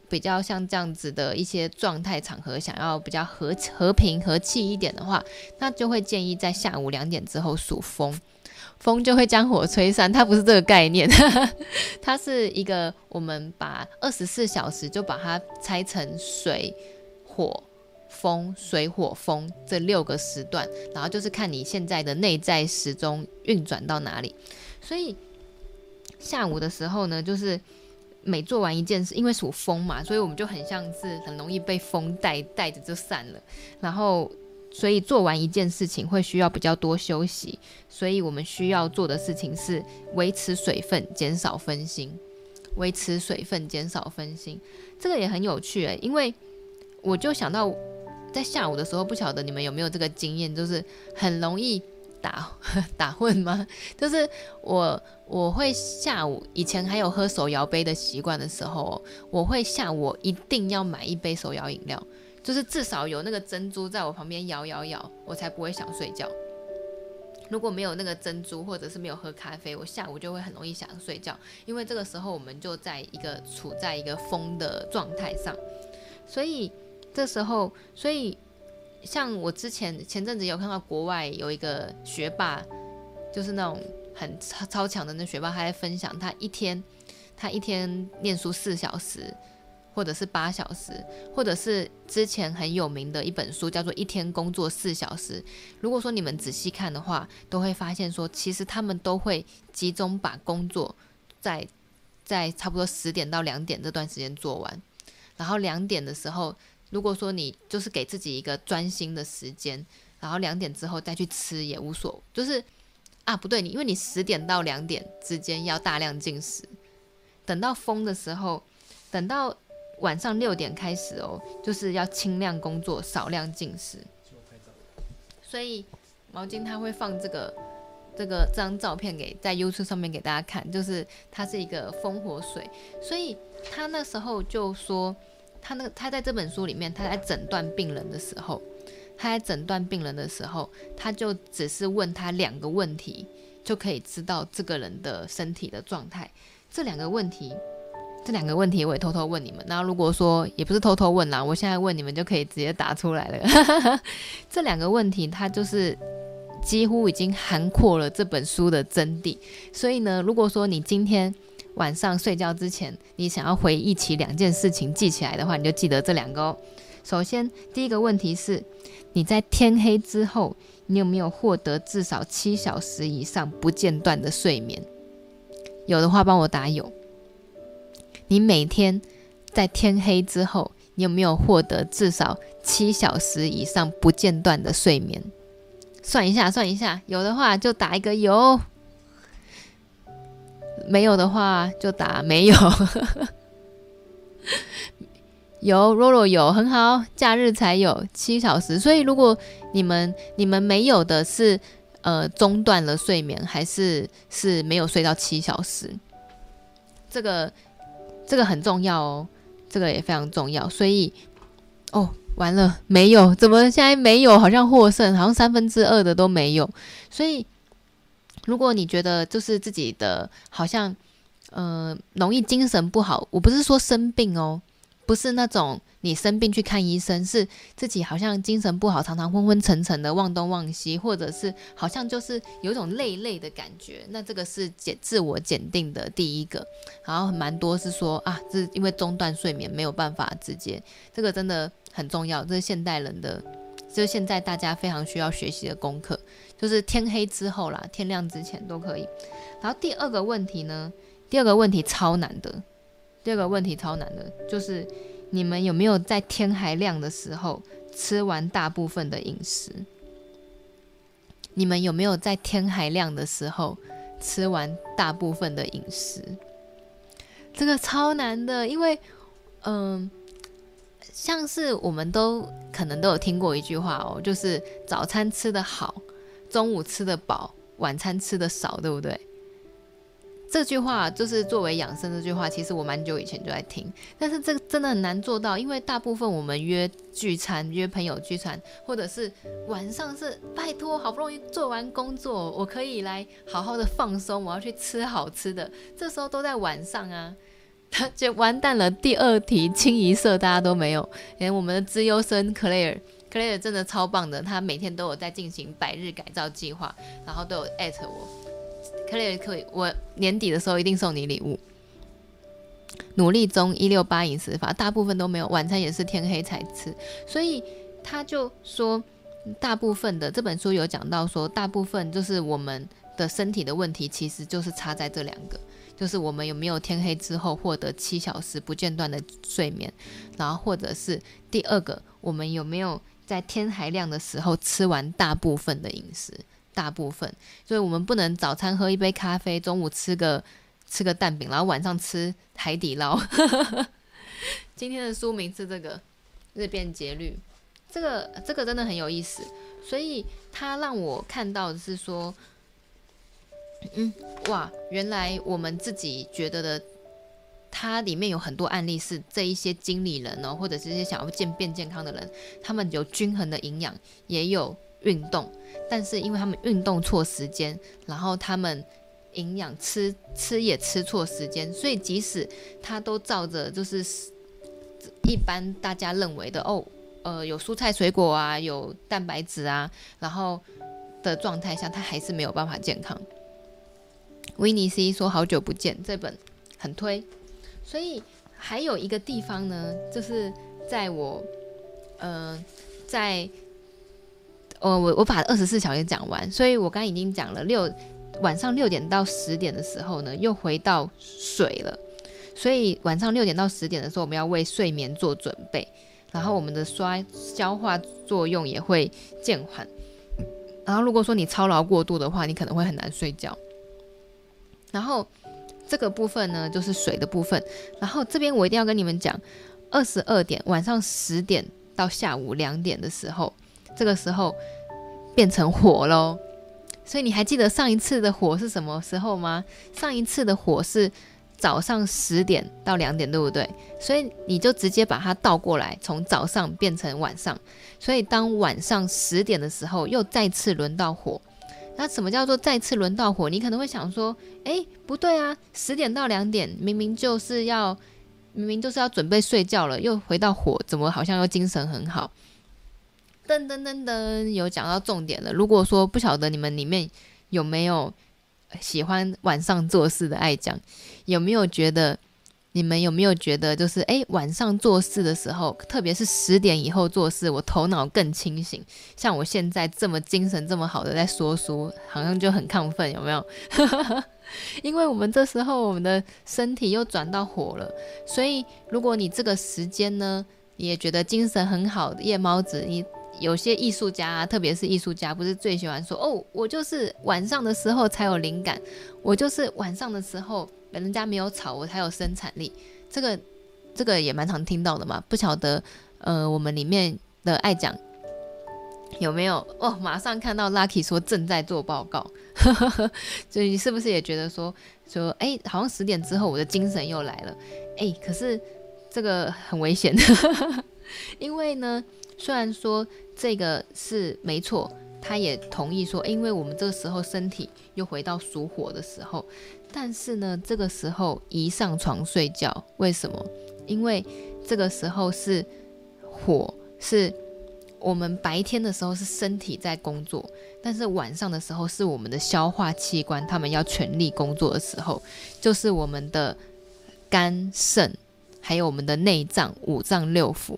比較像這樣子的一些狀態場合，想要比較和和平和氣一點的話，那就會建議在下午兩點之後數風，風就會將火吹散。它不是這個概念，呵呵，它是一個我們把二十四小時就把它拆成水火、風水火風這六個時段，然後就是看你現在的內在時鐘運轉到哪裡。所以下午的時候呢，就是每做完一件事，因為屬風嘛，所以我們就很像是很容易被風帶帶着就散了。然後，所以做完一件事情會需要比較多休息。所以我們需要做的事情是維持水分，減少分心，維持水分，減少分心。這個也很有趣誒、欸，因為我就想到。在下午的時候，不曉得你們有沒有這個經驗，就是很容易打打混嗎？就是我我會下午以前還有喝手搖杯的習慣的時候，我會下午一定要買一杯手搖飲料，就是至少有那個珍珠在我旁邊搖搖搖，我才不會想睡覺。如果沒有那個珍珠，或者是沒有喝咖啡，我下午就會很容易想睡覺，因為這個時候我們就在一個處在一個瘋的狀態上，所以，這時候，所以像我之前前陣子有看到國外有一個學霸，就是那種很超超強的那學霸，他在分享他一天，他一天念書四小時，或者是八小時，或者是之前很有名的一本書叫做《一天工作四小時》。如果說你們仔細看的話，都會發現說，其實他們都會集中把工作在在差不多十點到兩點這段時間做完，然後兩點的時候。如果說你就是給自己一個專心的時間，然後兩點之後再去吃也無所，就是啊不對，你因為你十點到兩點之間要大量進食，等到風的時候，等到晚上六點開始哦，就是要輕量工作，少量進食。所以毛巾他會放這個這個這張照片給在優 e 上面給大家看，就是它是一個烽火水，所以他那時候就說。他那個，他在這本書裡面，他在診斷病人的時候，他在診斷病人的時候，他就只是問他兩個問題，就可以知道這個人的身體的狀態。這兩個問題，這兩個問題我也偷偷問你們。那如果說也不是偷偷問啦，我現在問你們就可以直接答出來了。 [LAUGHS] 這兩個問題，它就是幾乎已經涵括了這本書的真諦。所以呢，如果說你今天。晚上睡覺之前，你想要回憶起兩件事情記起來的話，你就記得這兩個哦。首先，第一個問題是：你在天黑之後，你有沒有獲得至少七小時以上不間斷的睡眠？有的話，幫我打有。你每天在天黑之後，你有沒有獲得至少七小時以上不間斷的睡眠？算一下，算一下，有的話就打一個有。沒有的話就打沒有, [LAUGHS] 有，有若若有很好，假日才有七小時，所以如果你們你們沒有的是呃中斷了睡眠，還是是沒有睡到七小時，這個這個很重要哦，這個也非常重要，所以哦完了沒有？怎麼現在沒有？好像獲勝，好像三分之二的都沒有，所以。如果你覺得就是自己的好像，呃，容易精神不好，我不是說生病哦，不是那種你生病去看醫生，是自己好像精神不好，常常昏昏沉沉的，忘東忘西，或者是好像就是有一種累累的感覺，那這個是檢自我檢定的第一個。然後蠻多是說啊，這是因為中斷睡眠沒有辦法直接，這個真的很重要，這是現代人的，這、就是現在大家非常需要學習的功課。就是天黑之後啦，天亮之前都可以。然後第二個問題呢，第二個問題超難的，第二個問題超難的，就是你們有沒有在天還亮的時候吃完大部分的飲食？你們有沒有在天還亮的時候吃完大部分的飲食？這個超難的，因為嗯、呃，像是我們都可能都有聽過一句話哦，就是早餐吃得好。中午吃得飽，晚餐吃得少，對不對？這句話就是作為養生這句話，其實我蠻久以前就在聽，但是這個真的很難做到，因為大部分我們約聚餐、約朋友聚餐，或者是晚上是拜託，好不容易做完工作，我可以來好好的放鬆，我要去吃好吃的，這時候都在晚上啊，就 [LAUGHS] 完蛋了。第二題清一色，大家都沒有，連、欸、我們的資優生克萊爾。Claire, Claire 真的超棒的，他每天都有在進行百日改造計劃，然後都有 at 我。Claire 可以，我年底的時候一定送你禮物。努力中，一六八飲食法大部分都沒有，晚餐也是天黑才吃，所以他就說，大部分的這本書有講到說，大部分就是我們的身體的問題其實就是差在這兩個，就是我們有沒有天黑之後獲得七小時不間斷的睡眠，然後或者是第二個，我們有沒有。在天還亮的時候吃完大部分的飲食，大部分，所以我們不能早餐喝一杯咖啡，中午吃個吃個蛋餅，然後晚上吃海底撈。 [LAUGHS] 今天的書名是這個《日變節律》，這個這個真的很有意思，所以它讓我看到的是說，嗯，哇，原來我們自己覺得的。它裡面有很多案例，是這一些經理人哦、喔，或者這些想要漸變健康的人，他們有均衡的營養，也有運動，但是因為他們運動錯時間，然後他們營養吃吃也吃錯時間，所以即使他都照着就是一般大家認為的哦，呃，有蔬菜水果啊，有蛋白質啊，然後的狀態下，他還是沒有辦法健康。Winnie C 說好久不見，這本很推。所以還有一個地方呢，就是在我，呃，在，我我我把二十四小時講完，所以我剛剛已經講了六，晚上六點到十點的時候呢，又回到水了，所以晚上六點到十點的時候，我們要為睡眠做準備，然後我們的衰消化作用也會減緩，然後如果說你操勞過度的話，你可能會很難睡覺，然後。這個部分呢，就是水的部分。然後這邊我一定要跟你們講，二十二點晚上十點到下午兩點的時候，這個時候變成火嘍。所以你還記得上一次的火是什麼時候嗎？上一次的火是早上十點到兩點，對不對？所以你就直接把它倒過來，從早上變成晚上。所以當晚上十點的時候，又再次輪到火。那什麼叫做再次輪到火？你可能會想說，哎，不對啊，十點到兩點明明就是要，明明就是要準備睡覺了，又回到火，怎麼好像又精神很好？噔噔噔噔，有講到重點了。如果說不曉得你們裡面有沒有喜歡晚上做事的愛講，有沒有覺得？你們有沒有覺得，就是哎、欸，晚上做事的時候，特別是十點以後做事，我頭腦更清醒。像我現在這麼精神、這麼好的在說書，好像就很亢奮，有沒有？ [LAUGHS] 因為我們這時候我們的身體又轉到火了，所以如果你這個時間呢，也覺得精神很好，夜貓子，你有些藝術家、啊，特別是藝術家，不是最喜歡說，哦，我就是晚上的時候才有靈感，我就是晚上的時候。人家沒有吵，我才有生產力。這個，這個也蠻常聽到的嘛。不曉得，呃，我們裡面的愛講有沒有哦？馬上看到 Lucky 說正在做報告，所 [LAUGHS] 以你是不是也覺得說說哎、欸，好像十點之後我的精神又來了？哎、欸，可是這個很危險 [LAUGHS] 因為呢，雖然說這個是沒錯。他也同意說，因為我們這個時候身體又回到屬火的時候，但是呢，這個時候一上床睡覺，為什麼？因為這個時候是火，是我們白天的時候是身體在工作，但是晚上的時候是我們的消化器官，他們要全力工作的時候，就是我們的肝腎，還有我們的內臟、五臟六腑，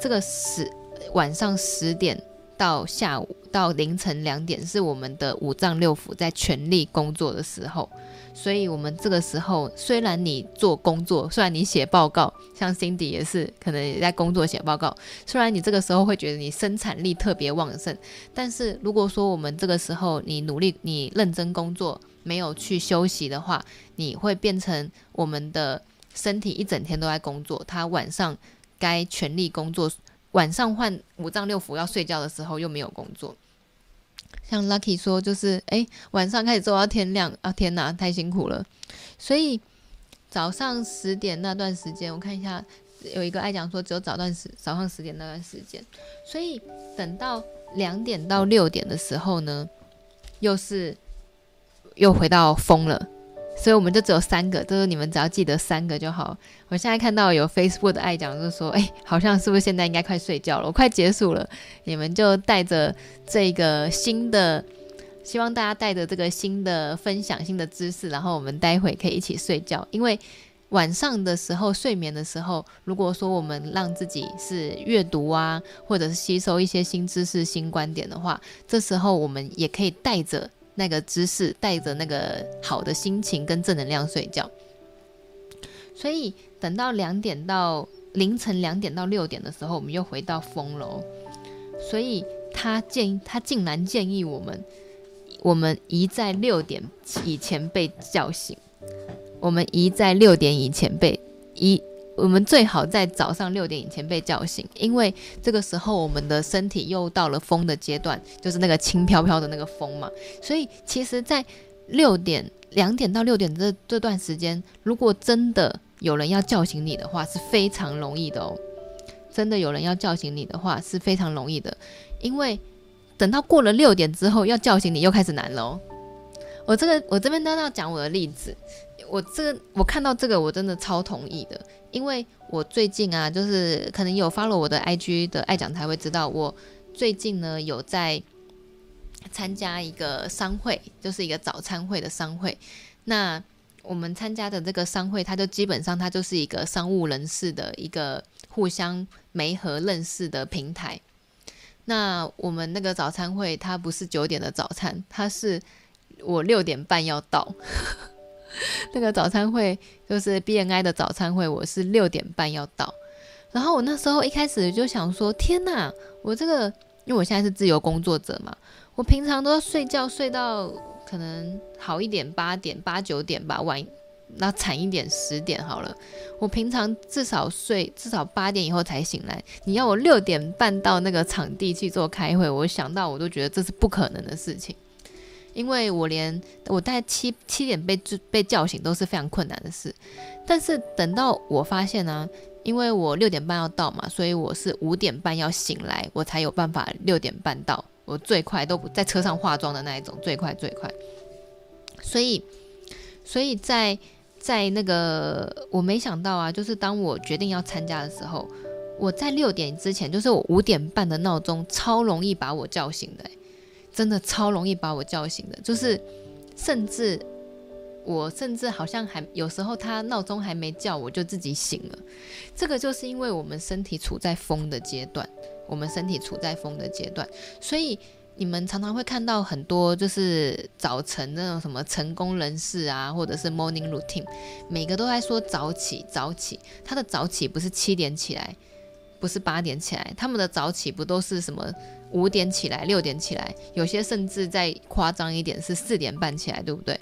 這個是晚上十點。到下午到凌晨兩點是我們的五臟六腑在全力工作的時候，所以我們這個時候雖然你做工作，雖然你寫報告，像 Cindy 也是可能也在工作寫報告，雖然你這個時候會覺得你生產力特別旺盛，但是如果說我們這個時候你努力你認真工作沒有去休息的話，你會變成我們的身體一整天都在工作，它晚上該全力工作。晚上換五臟六腑要睡覺的時候，又沒有工作，像 Lucky 說就是哎、欸、晚上開始做到天亮啊，天哪，太辛苦了，所以早上十點那段時間，我看一下，有一個愛講說只有早段時早上十點那段時間，所以等到兩點到六點的時候呢，又是又回到瘋了。所以我們就只有三個，就是你們只要記得三個就好。我現在看到有 Facebook 的愛講，就是說，哎、欸，好像是不是現在應該快睡覺了？我快結束了，你們就帶着這個新的，希望大家帶着這個新的分享、新的知識，然後我們待會可以一起睡覺。因為晚上的時候睡眠的時候，如果說我們讓自己是閱讀啊，或者是吸收一些新知識、新觀點的話，這時候我們也可以帶着。那個姿勢，帶着那個好的心情跟正能量睡覺，所以等到兩點到凌晨兩點到六點的時候，我們又回到風樓，所以他建議，他竟然建議我們，我們一在六點以前被叫醒，我們一在六點以前被一。我們最好在早上六點以前被叫醒，因為這個時候我們的身體又到了風的階段，就是那個輕飄飄的那個風嘛。所以其實在，在六點，兩點到六點這這段時間，如果真的有人要叫醒你的話，是非常容易的哦。真的有人要叫醒你的話，是非常容易的，因為等到過了六點之後，要叫醒你又開始難了哦。我這個我這邊剛剛要講我的例子，我這個我看到這個我真的超同意的。因為我最近啊，就是可能有 follow 我的 IG 的愛講才會知道，我最近呢有在參加一個商會，就是一個早餐會的商會。那我們參加的這個商會，它就基本上它就是一個商務人士的一個互相媒合認識的平台。那我們那個早餐會，它不是九點的早餐，它是我六點半要到。 [LAUGHS] [LAUGHS] 那個早餐會就是 BNI 的早餐會，我是六點半要到。然後我那時候一開始就想說，天哪，我這個因為我現在是自由工作者嘛，我平常都要睡覺睡到可能好一點八點八九點吧，晚那慘一點十點好了。我平常至少睡至少八點以後才醒來，你要我六點半到那個場地去做開會，我想到我都覺得這是不可能的事情。因為我連我大概七七點被被叫醒都是非常困難的事，但是等到我發現呢，因為我六點半要到嘛，所以我是五點半要醒來，我才有辦法六點半到。我最快都不在車上化妝的那一種，最快最快。所以，所以在在那個我沒想到啊，就是當我決定要參加的時候，我在六點之前，就是我五點半的鬧鐘超容易把我叫醒的。真的超容易把我叫醒的，就是，甚至我甚至好像還有時候他鬧鐘還沒叫我就自己醒了，這個就是因為我們身體處在峰的階段，我們身體處在峰的階段，所以你們常常會看到很多就是早晨那種什麼成功人士啊，或者是 morning routine，每個都在說早起早起，他的早起不是七點起來，不是八點起來，他們的早起不都是什麼？五點起來，六點起來，有些甚至再誇張一點是四點半起來，對不對？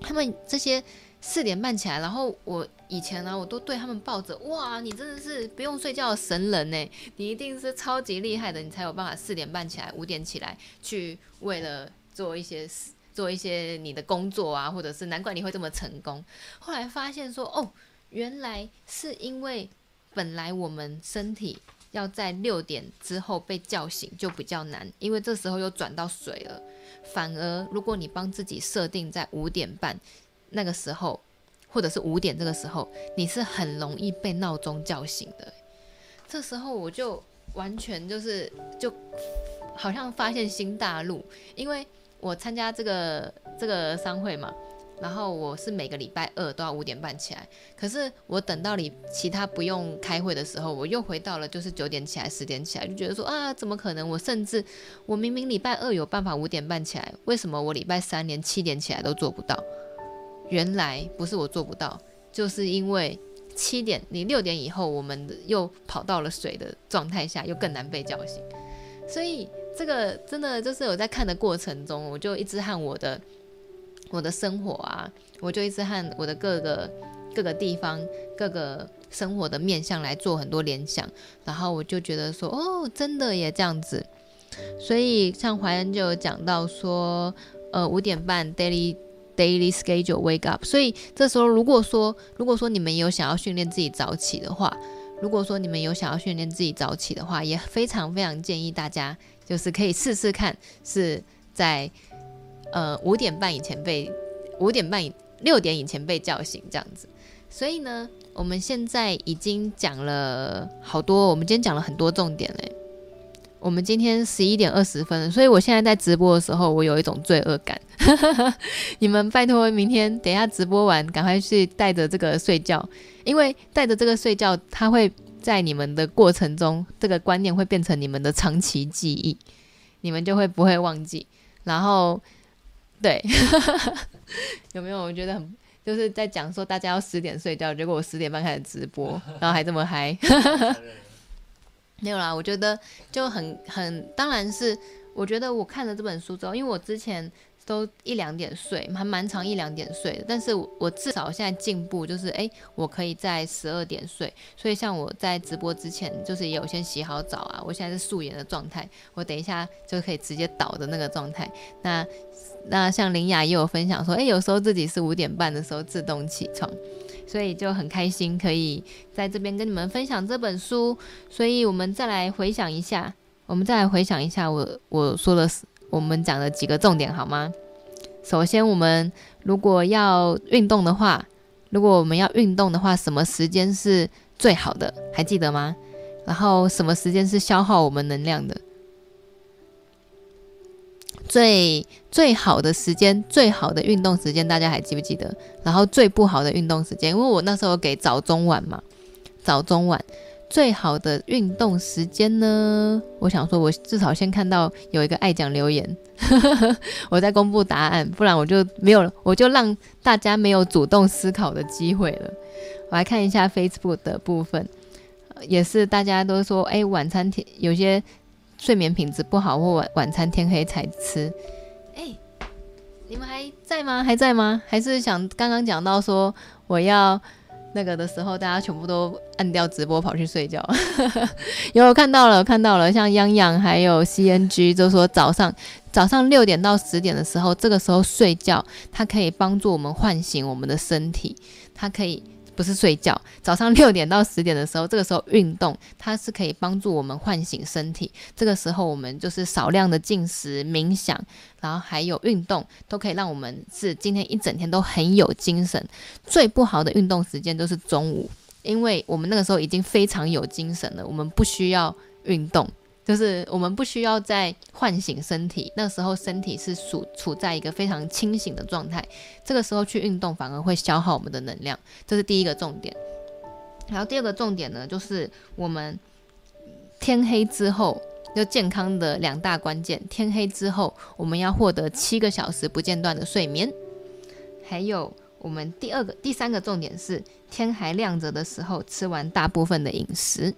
他們這些四點半起來，然後我以前呢、啊，我都對他們抱着，哇，你真的是不用睡覺的神人呢、欸，你一定是超級厲害的，你才有辦法四點半起來，五點起來去為了做一些事，做一些你的工作啊，或者是難怪你會這麼成功。後來發現說，哦，原來是因為本來我們身體。要在六點之後被叫醒就比較難，因為這時候又轉到水了。反而如果你幫自己設定在五點半那個時候，或者是五點這個時候，你是很容易被鬧鐘叫醒的。這時候我就完全就是就好像發現新大陸，因為我參加這個這個商會嘛。然後我是每個禮拜二都要五點半起來，可是我等到你其他不用開會的時候，我又回到了就是九點起來、十點起來，就覺得說啊，怎麼可能？我甚至我明明禮拜二有辦法五點半起來，為什麼我禮拜三連七點起來都做不到？原來不是我做不到，就是因為七點你六點以後，我們又跑到了睡的狀態下，又更難被叫醒。所以這個真的就是我在看的過程中，我就一直和我的。我的生活啊，我就一直和我的各個各個地方、各個生活的面向來做很多聯想，然後我就覺得說，哦，真的耶，這樣子。所以像懷恩就有講到說，呃，五點半 daily daily schedule wake up。所以這時候，如果說如果說你們有想要訓練自己早起的話，如果說你們有想要訓練自己早起的話，也非常非常建議大家，就是可以試試看是在。呃，五點半以前被五點半以、六點以前被叫醒這樣子，所以呢，我們現在已經講了好多，我們今天講了很多重點嘞。我們今天十一點二十分，所以我現在在直播的時候，我有一種罪惡感。 [LAUGHS] 你們拜托，明天等一下直播完，趕快去帶着這個睡覺，因為帶着這個睡覺，它會在你們的過程中，這個觀念會變成你們的長期記憶，你們就會不會忘記，然後。對， [LAUGHS] 有沒有？我覺得很就是在講說大家要十點睡覺，結果我十點半開始直播，然後還這麼嗨， [LAUGHS] 沒有啦。我覺得就很很，當然是我覺得我看了這本書之後，因為我之前。都一兩點睡，還蠻常一兩點睡的。但是，我我至少現在進步就是，哎，我可以在十二點睡。所以，像我在直播之前，就是也有先洗好澡啊。我現在是素顏的狀態，我等一下就可以直接倒的那個狀態。那那像林雅也有分享說，哎，有時候自己是五點半的時候自動起床，所以就很開心可以在這邊跟你們分享這本書。所以我們再來回想一下，我們再來回想一下我我說的是。我們講的幾個重點好嗎？首先，我們如果要運動的話，如果我們要運動的話，什麼時間是最好的？還記得嗎？然後什麼時間是消耗我們能量的？最最好的時間，最好的運動時間，大家還記不記得？然後最不好的運動時間，因爲我那時候給早中晚嘛，早中晚。最好的運動時間呢？我想說，我至少先看到有一個愛講留言， [LAUGHS] 我再公布答案，不然我就沒有了，我就讓大家沒有主動思考的機會了。我來看一下 Facebook 的部分、呃，也是大家都說，哎、欸，晚餐天有些睡眠品質不好，或晚晚餐天黑才吃。哎、欸，你們還在嗎？還在嗎？還是想剛剛講到說我要。那個的時候，大家全部都按掉直播跑去睡覺， [LAUGHS] 有，我看到了，看到了，像泱泱還有 CNG 就說，早上，早上六點到十點的時候，這個時候睡覺，它可以幫助我們喚醒我們的身體，它可以。不是睡覺，早上六點到十點的時候，這個時候運動，它是可以幫助我們喚醒身體。這個時候我們就是少量的進食、冥想，然後還有運動，都可以讓我們是今天一整天都很有精神。最不好的運動時間就是中午，因為我們那個時候已經非常有精神了，我們不需要運動。就是我們不需要再喚醒身體，那時候身體是處處在一個非常清醒的狀態，這個時候去運動反而會消耗我們的能量，這是第一個重點。然後第二個重點呢，就是我們天黑之後就健康的兩大關鍵，天黑之後我們要獲得七個小時不間斷的睡眠，還有我們第二個、第三個重點是天還亮着的時候吃完大部分的飲食。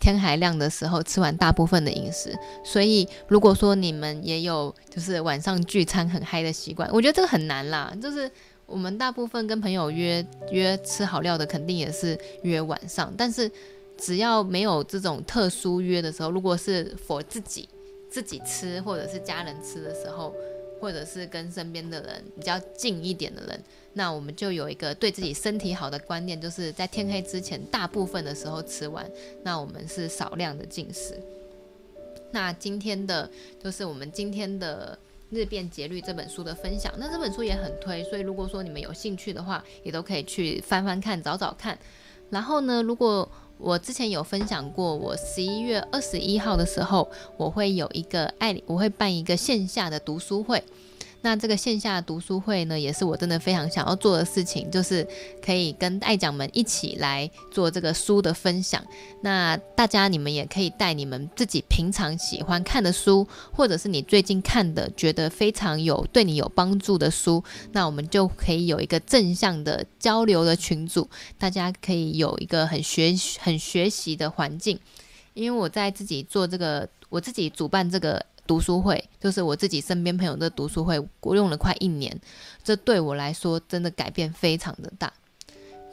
天還亮的時候吃完大部分的飲食，所以如果說你們也有就是晚上聚餐很嗨的習慣，我覺得這個很難啦。就是我們大部分跟朋友約約吃好料的，肯定也是約晚上。但是只要沒有這種特殊約的時候，如果是佛自己自己吃，或者是家人吃的時候，或者是跟身邊的人比較近一點的人。那我們就有一個對自己身體好的觀念，就是在天黑之前，大部分的時候吃完。那我們是少量的進食。那今天的，就是我們今天的《日變節律》這本書的分享。那這本書也很推，所以如果說你們有興趣的話，也都可以去翻翻看、找找看。然後呢，如果我之前有分享過，我十一月二十一號的時候，我會有一個艾，我會辦一個線下的讀書會。那這個線下讀書會呢，也是我真的非常想要做的事情，就是可以跟艾講們一起來做這個書的分享。那大家你們也可以帶你們自己平常喜歡看的書，或者是你最近看的覺得非常有對你有幫助的書，那我們就可以有一個正向的交流的群組，大家可以有一個很學很學習的環境。因為我在自己做這個，我自己主辦這個。讀書會就是我自己身邊朋友的讀書會，我用了快一年，這對我來說真的改變非常的大。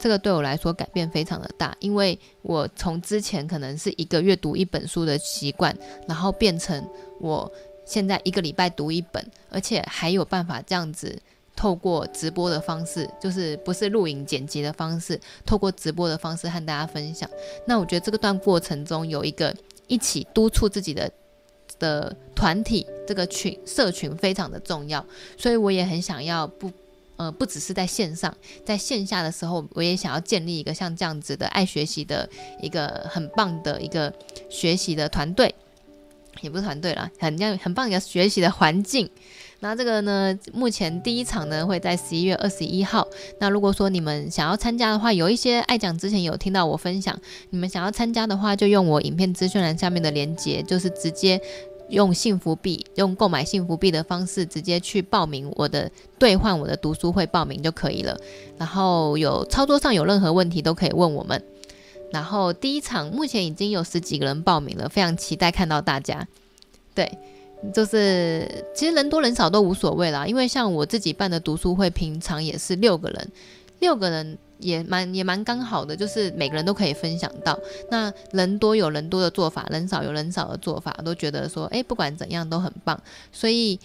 這個對我來說改變非常的大，因為我從之前可能是一個月讀一本書的習慣，然後變成我現在一個禮拜讀一本，而且還有辦法這樣子透過直播的方式，就是不是錄影剪輯的方式，透過直播的方式和大家分享。那我覺得這個段過程中有一個一起督促自己的。的團體，這個群社群非常的重要，所以我也很想要不呃，不只是在線上，在線下的時候，我也想要建立一個像這樣子的愛學習的一個很棒的一個學習的團隊，也不是團隊啦，很樣很棒的學習的環境。那這個呢，目前第一場呢會在十一月二十一號。那如果說你們想要參加的話，有一些愛講之前有聽到我分享，你們想要參加的話，就用我影片資訊欄下面的鏈接，就是直接用幸福幣，用購買幸福幣的方式直接去報名我的兌換我的讀書會報名就可以了。然後有操作上有任何問題都可以問我們。然後第一場目前已經有十幾個人報名了，非常期待看到大家。對。就是其實人多人少都無所謂啦，因為像我自己辦的讀書會，平常也是六個人，六個人也蠻也蠻剛好的，就是每個人都可以分享到。那人多有人多的做法，人少有人少的做法，都覺得說，誒，不管怎樣都很棒。所以，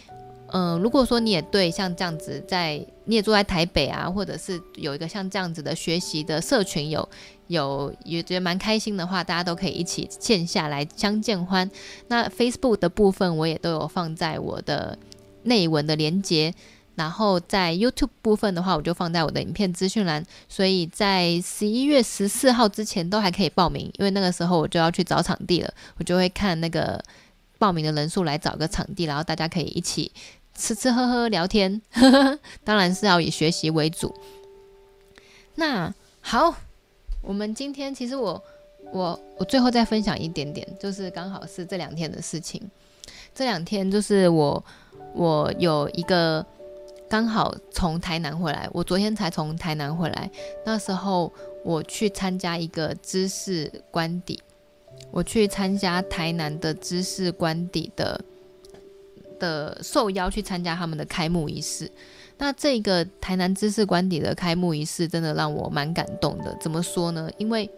嗯、呃，如果說你也對像這樣子在，在你也住在台北啊，或者是有一個像這樣子的學習的社群有。有，也覺得蠻開心的話，大家都可以一起線下來相見歡。那 Facebook 的部分，我也都有放在我的內文的連接。然後在 YouTube 部分的話，我就放在我的影片資訊欄。所以在十一月十四號之前都還可以報名，因為那個時候我就要去找場地了。我就會看那個報名的人數來找個場地，然後大家可以一起吃吃喝喝聊天。呵呵，當然是要以學習為主。那好。我們今天其實我我我最後、再分享一點點，就是剛好是這兩天的事情。這兩天就是我我有一個剛好從台南回來，我昨天才從台南回來。那時候我去參加一個知事官邸，我去參加台南的知事官邸的的受邀去參加他們的開幕儀式。那這個台南知事官邸的開幕儀式真的讓我蠻感動的，怎麼說呢？因為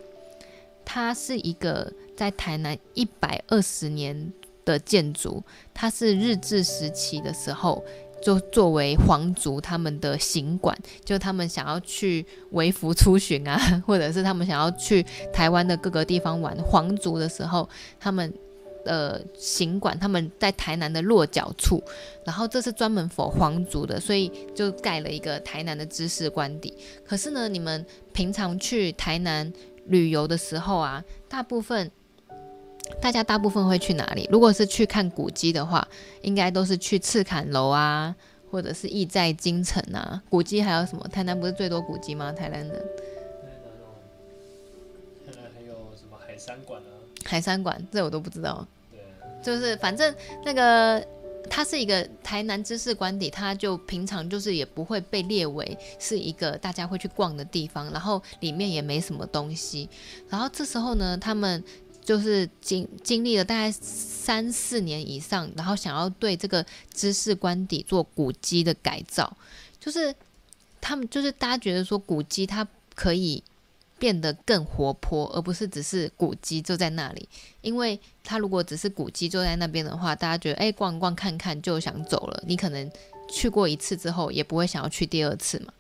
它是一個在台南一百二十年的建築，它是日治時期的時候就作為皇族他們的行館，就他們想要去微服出巡啊，或者是他們想要去台灣的各個地方玩，皇族的時候他們。呃，行館他們在台南的落腳處，然後這是專門 for 皇族的，所以就蓋了一個台南的知事官邸。可是呢，你們平常去台南旅遊的時候啊，大部分大家大部分會去哪裡？如果是去看古蹟的話，應該都是去赤崁樓啊，或者是億載金城啊。古蹟還有什麼？台南不是最多古蹟嗎？台南的、啊？台南還有什麼海山館啊？海山館這我都不知道。就是，反正那個它是一個台南知事官邸，它就平常就是也不會被列為是一個大家會去逛的地方，然後裡面也沒什麼東西。然後這時候呢，他們就是經經歷了大概三四年以上，然後想要對這個知事官邸做古蹟的改造，就是他們就是大家覺得說古蹟它可以。變得更活潑，而不是只是古蹟坐在那裡。因為他如果只是古蹟坐在那邊的話，大家覺得哎、欸，逛一逛看看就想走了，你可能去過一次之後也不會想要去第二次嘛。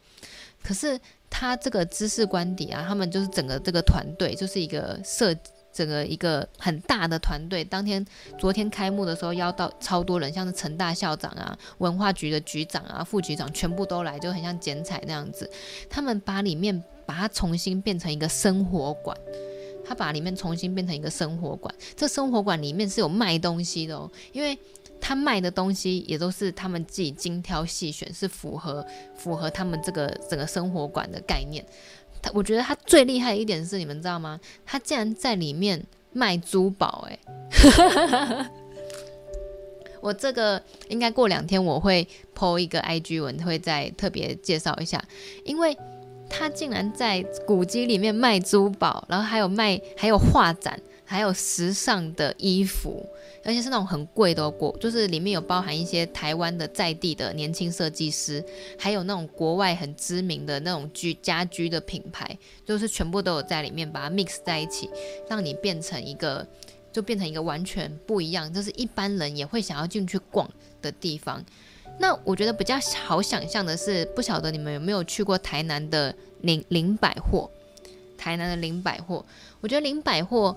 可是他這個知識官邸啊，他們就是整個這個團隊就是一個設整個一個很大的團隊。當天昨天開幕的時候，邀到超多人，像是成大校長啊、文化局的局長啊、副局長全部都來，就很像剪彩那樣子。他們把裡面。把它重新變成一個生活館，他把它裡面重新變成一個生活館。這生活館裡面是有賣東西的哦、喔，因為他賣的東西也都是他們自己精挑細選，是符合符合他們這個整個生活館的概念。他我覺得他最厲害的一點是，你們知道嗎？他竟然在裡面賣珠寶、欸！哎， [LAUGHS] 我這個應該過兩天我會 po 一個 IG 文，會再特別介紹一下，因為。他竟然在古蹟裡面賣珠寶，然後還有賣，還有畫展，還有時尚的衣服，而且是那種很貴的國，就是裡面有包含一些台灣的在地的年輕設計師，還有那種國外很知名的那種居家居的品牌，就是全部都有在裡面把它 mix 在一起，讓你變成一個，就變成一個完全不一樣，就是一般人也會想要進去逛的地方。那我覺得比較好想象的是，不曉得你們有沒有去過台南的林林百貨，台南的林百貨，我覺得林百貨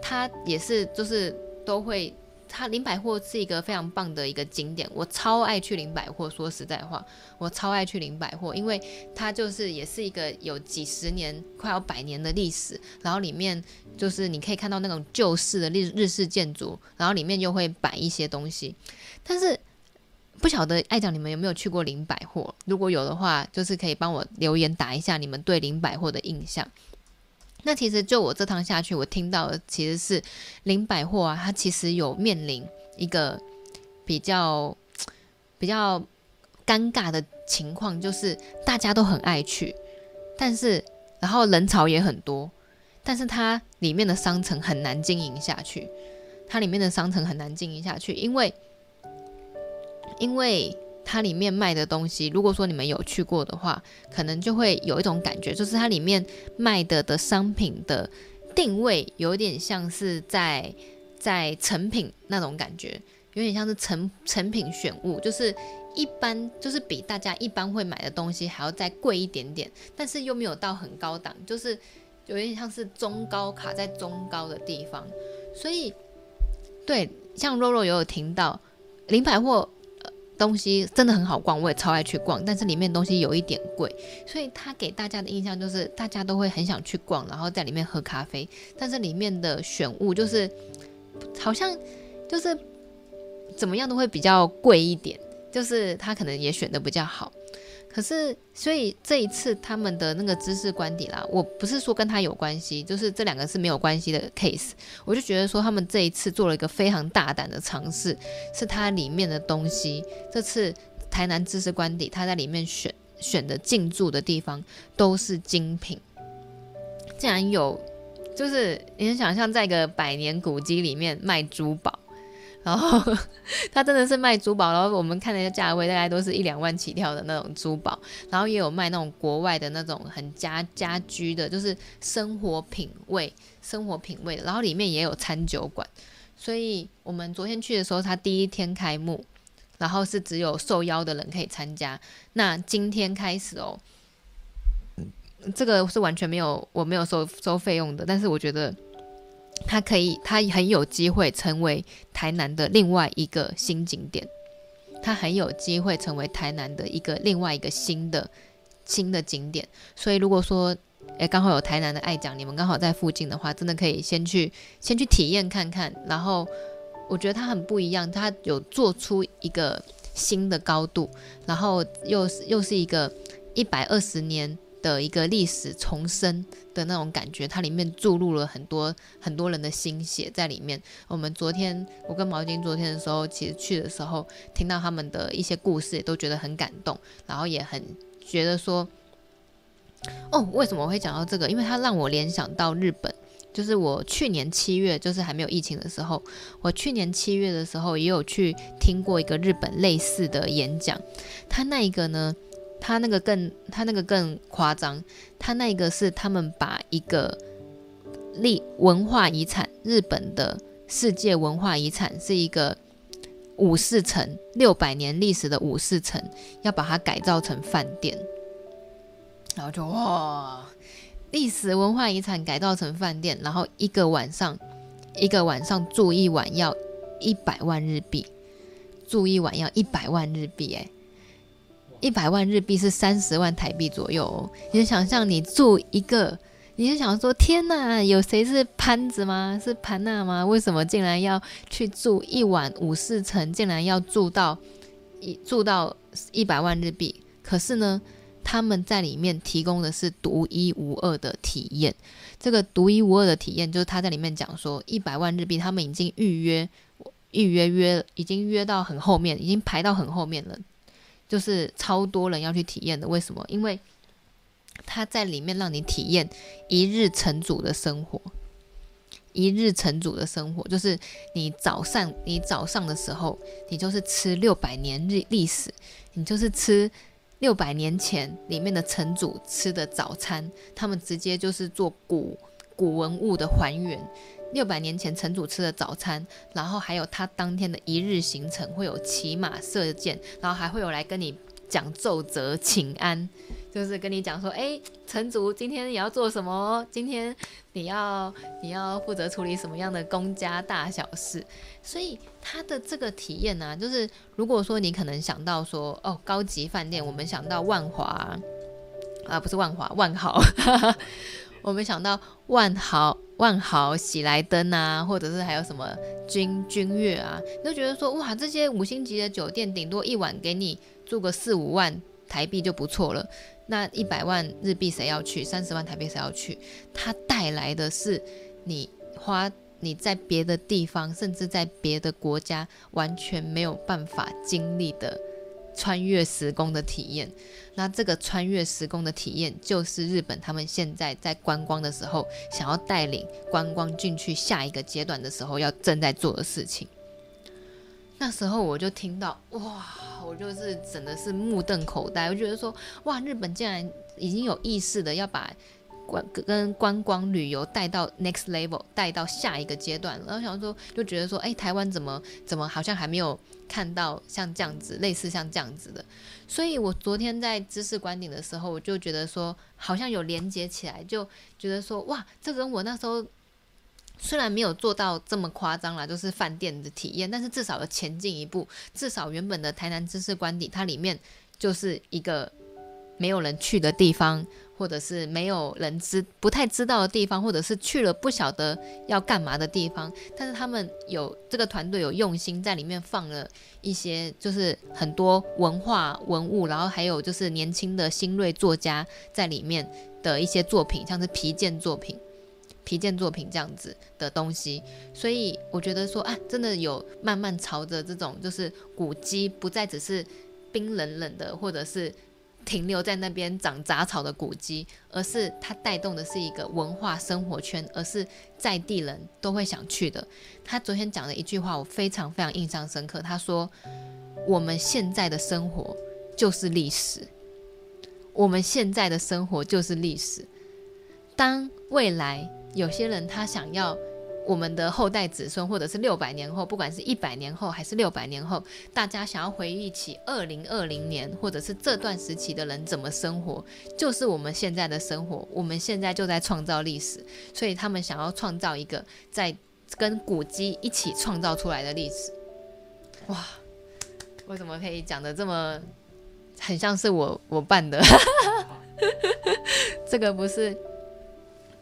它也是就是都會，它林百貨是一個非常棒的一個景點，我超愛去林百貨。說實在話，我超愛去林百貨，因為它就是也是一個有幾十年快要百年的歷史，然後裡面就是你可以看到那種舊式的日日式建築，然後裡面又會擺一些東西，但是。不曉得愛講你們有沒有去過林百貨？如果有的話，就是可以幫我留言打一下你們對林百貨的印象。那其實就我這趟下去，我聽到的其實是林百貨啊，它其實有面臨一個比較比較尷尬的情況，就是大家都很愛去，但是然後人潮也很多，但是它裡面的商城很難經營下去，它裡面的商城很難經營下去，因為。因為它裡面賣的東西，如果說你們有去過的話，可能就會有一種感覺，就是它裡面賣的的商品的定位，有點像是在在誠品那種感覺，有點像是誠誠品選物，就是一般就是比大家一般會買的東西還要再貴一點點，但是又沒有到很高檔，就是有點像是中高卡在中高的地方，所以對，像肉肉有有聽到林百貨。東西真的很好逛，我也超愛去逛，但是裡面東西有一點貴，所以它給大家的印象就是大家都會很想去逛，然後在裡面喝咖啡，但是裡面的選物就是好像就是怎麼樣都會比較貴一點，就是它可能也選得比較好。可是，所以這一次他們的那個知識官邸啦，我不是說跟他有關係，就是這兩個是沒有關係的 case。我就覺得說，他們這一次做了一個非常大膽的嘗試，是它裡面的東西。這次台南知識官邸，它在裡面選選的進駐的地方都是精品，竟然有，就是你很想象在一個百年古蹟裡面賣珠寶。然後呵呵他真的是賣珠寶，然後我們看了一下價位，大概都是一兩萬起跳的那種珠寶，然後也有賣那種國外的那種很家家居的，就是生活品味、生活品味，然後裡面也有餐酒館，所以我們昨天去的時候，他第一天開幕，然後是只有受邀的人可以參加。那今天開始哦，這個是完全沒有，我沒有收收費用的，但是我覺得。他可以，他很有機會成為台南的另外一個新景點。他很有機會成為台南的一個另外一個新的新的景點。所以，如果說，哎、欸，剛好有台南的愛講，你們剛好在附近的話，真的可以先去先去體驗看看。然後，我覺得他很不一樣，他有做出一個新的高度，然後又是又是一個一百二十年的一個歷史重生的那種感覺，它裡面注入了很多很多人的心血在裡面。我們昨天，我跟毛巾昨天的時候，其實去的時候聽到他們的一些故事，也都覺得很感動，然後也很覺得說，哦，為什麼我會講到這個？因為它讓我聯想到日本，就是我去年七月，就是還沒有疫情的時候，我去年七月的時候也有去聽過一個日本類似的演講，他那一個呢？他那個更，他那個更誇張。他那個是他們把一個歷文化遺產，日本的世界文化遺產，是一個武士城，六百年歷史的武士城，要把它改造成飯店。然後就哇，歷史文化遺產改造成飯店，然後一個晚上，一個晚上住一晚要一百萬日幣，住一晚要一百萬日幣，欸，哎。一百萬日幣是三十萬台幣左右哦，你就想象你住一個，你就想說：天哪，有誰是盤子嗎？是盤娜嗎？為什麼竟然要去住一晚五四層？竟然要住到一住到一百萬日幣？可是呢，他們在裡面提供的是獨一無二的體驗。這個獨一無二的體驗就是他在裡面講說，一百萬日幣他們已經預約，預約約已經約到很後面，已經排到很後面了。就是超多人要去體驗的，為什麼？因為他在裡面讓你體驗一日城主的生活。一日城主的生活，就是你早上，你早上的時候，你就是吃六百年歷歷史，你就是吃六百年前裡面的城主吃的早餐，他們直接就是做古古文物的還原。六百年前成祖吃的早餐，然後還有他當天的一日行程，會有騎馬射箭，然後還會有來跟你講奏摺請安，就是跟你講說，哎、欸，成祖今天你要做什麼？今天你要你要負責處理什麼樣的公家大小事？所以他的這個體驗呢、啊，就是如果說你可能想到說，哦，高級飯店，我們想到萬華啊，不是萬華，萬豪。 [LAUGHS] 我們想到萬豪、萬豪、喜來登啊，或者是還有什麼君君悅啊，你就覺得說，哇，這些五星級的酒店頂多一晚給你住個四五萬台幣就不錯了。那一百萬日幣誰要去？三十萬台幣誰要去？它帶來的是你花你在別的地方，甚至在別的國家完全沒有辦法經歷的。穿越時空的體驗，那這個穿越時空的體驗，就是日本他們現在在觀光的時候，想要帶領觀光進去下一個階段的時候，要正在做的事情。那時候我就聽到，哇，我就是真的是目瞪口呆，我覺得說，哇，日本竟然已經有意識的要把。跟觀光旅遊帶到 next level，帶到下一個階段，然後想說，就覺得說，哎、欸，台灣怎麼怎麼好像還沒有看到像這樣子，類似像這樣子的。所以我昨天在知識官邸的時候，我就覺得說，好像有連接起來，就覺得說，哇，這跟、個、我那時候雖然沒有做到這麼誇張啦，就是飯店的體驗，但是至少要前進一步。至少原本的台南知識官邸，它裡面就是一個沒有人去的地方。或者是沒有人知不太知道的地方，或者是去了不曉得要幹嘛的地方，但是他們有這個團隊有用心在裡面放了一些，就是很多文化文物，然後還有就是年輕的新銳作家在裡面的一些作品，像是皮件作品、皮件作品這樣子的東西。所以我覺得說，啊，真的有慢慢朝着這種，就是古蹟不再只是冰冷冷的，或者是。停留在那邊長雜草的古蹟，而是它帶動的是一個文化生活圈，而是在地人都會想去的。他昨天講的一句話，我非常非常印象深刻。他說：“我們現在的生活就是歷史，我們現在的生活就是歷史。當未來有些人他想要……”我們的後代子孫，或者是六百年後，不管是一百年後還是六百年後，大家想要回憶起二零二零年，或者是這段時期的人怎麼生活，就是我們現在的生活。我們現在就在創造歷史，所以他們想要創造一個在跟古蹟一起創造出來的歷史。哇，為什麼可以講得這麼很像是我我辦的？ [LAUGHS] 這個不是。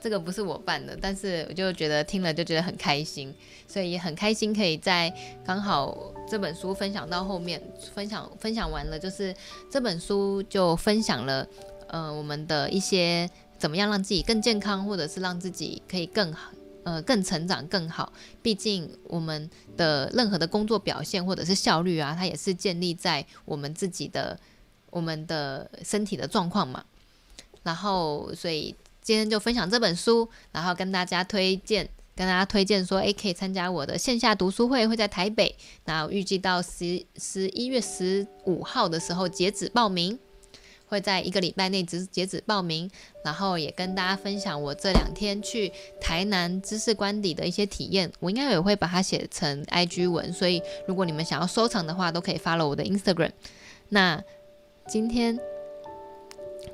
這個不是我辦的，但是我就覺得聽了就覺得很開心，所以很開心，可以在剛好這本書分享到後面，分享分享完了，就是這本書就分享了，呃，我們的一些怎麼樣讓自己更健康，或者是讓自己可以更好，呃，更成長更好。畢竟我們的任何的工作表現或者是效率啊，它也是建立在我們自己的我們的身體的狀況嘛，然後所以。今天就分享這本書，然後跟大家推薦，跟大家推薦說，誒，可以參加我的線下讀書會，會在台北，然後預計到十十一月十五號的時候截止報名，會在一個禮拜內止截止報名，然後也跟大家分享我這兩天去台南知識官邸的一些體驗，我應該也會把它寫成 IG 文，所以如果你們想要收藏的話，都可以 follow 我的 Instagram。那今天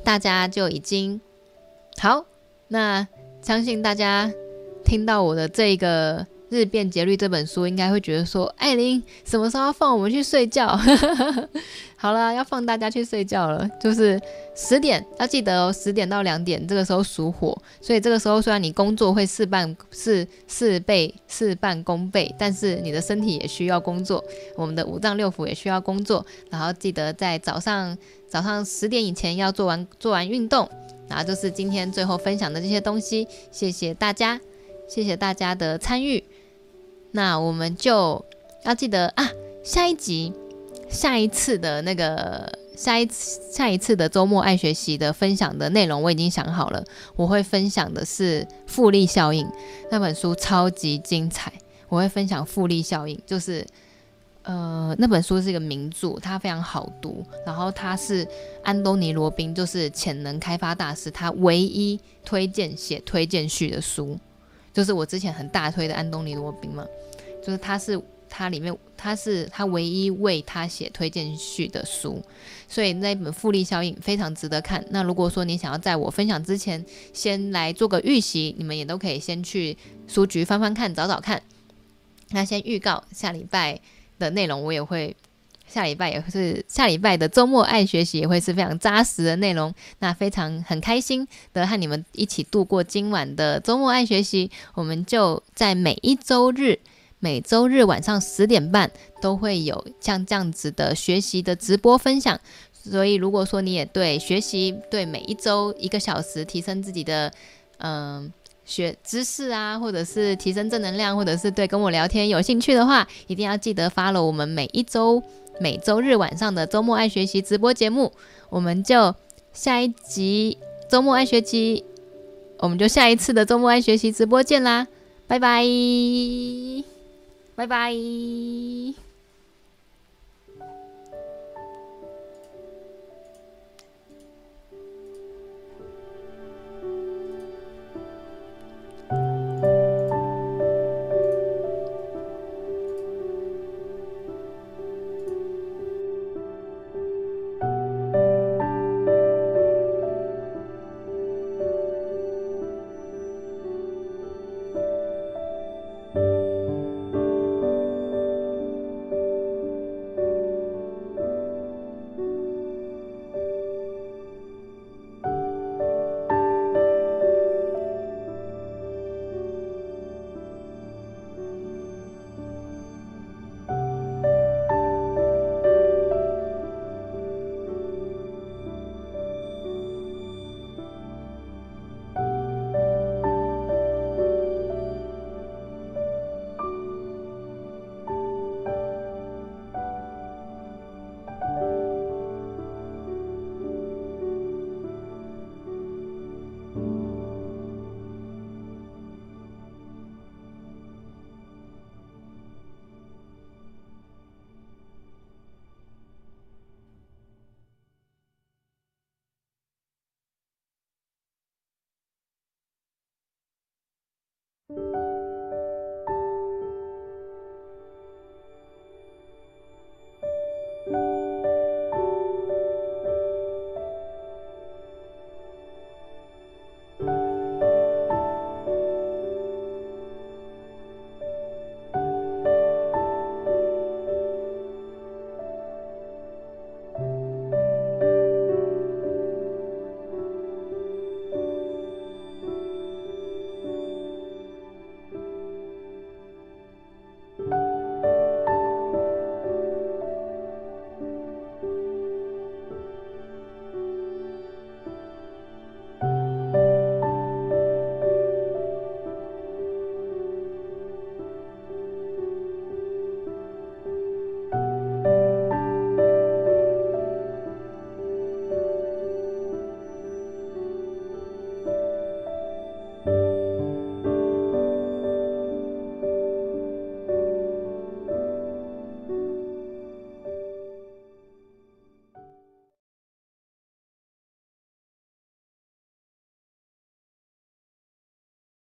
大家就已經。好，那相信大家聽到我的這個《日變節律》這本書，應該會覺得說，艾琳什麼時候要放我們去睡覺？ [LAUGHS] 好了，要放大家去睡覺了，就是十點，要記得哦，十點到兩點，這個時候屬火，所以這個時候雖然你工作會事半事事倍事半功倍，但是你的身體也需要工作，我們的五臟六腑也需要工作，然後記得在早上、早上十點以前要做完、做完運動。然後就是今天最後分享的這些東西，謝謝大家，謝謝大家的參與。那我們就要記得啊，下一集、下一次的那個、下一次、下一次的周末愛學習的分享的內容，我已經想好了，我會分享的是複利效應，那本書超級精彩，我會分享複利效應，就是。呃，那本書是一個名著，它非常好讀。然後它是安東尼羅賓，就是潛能開發大師，他唯一推薦寫推薦序的書，就是我之前很大推的安東尼羅賓嘛。就是他是他裡面他是他唯一為他寫推薦序的書，所以那本複利效應非常值得看。那如果說你想要在我分享之前先來做個預習，你們也都可以先去書局翻翻看、找找看。那先預告下禮拜的內容我也會下禮拜也是下禮拜的周末愛學習也會是非常紮實的內容，那非常很開心的和你們一起度過今晚的周末愛學習。我們就在每一周日、每周日晚上十點半都會有像這樣子的學習的直播分享，所以如果說你也對學習、對每一周一個小時提升自己的，嗯。學知識啊，或者是提升正能量，或者是對跟我聊天有興趣的話，一定要記得 follow 我們每一周每周日晚上的周末愛學習直播節目。我們就下一集周末愛學習，我們就下一次的周末愛學習直播見啦，拜拜，拜拜。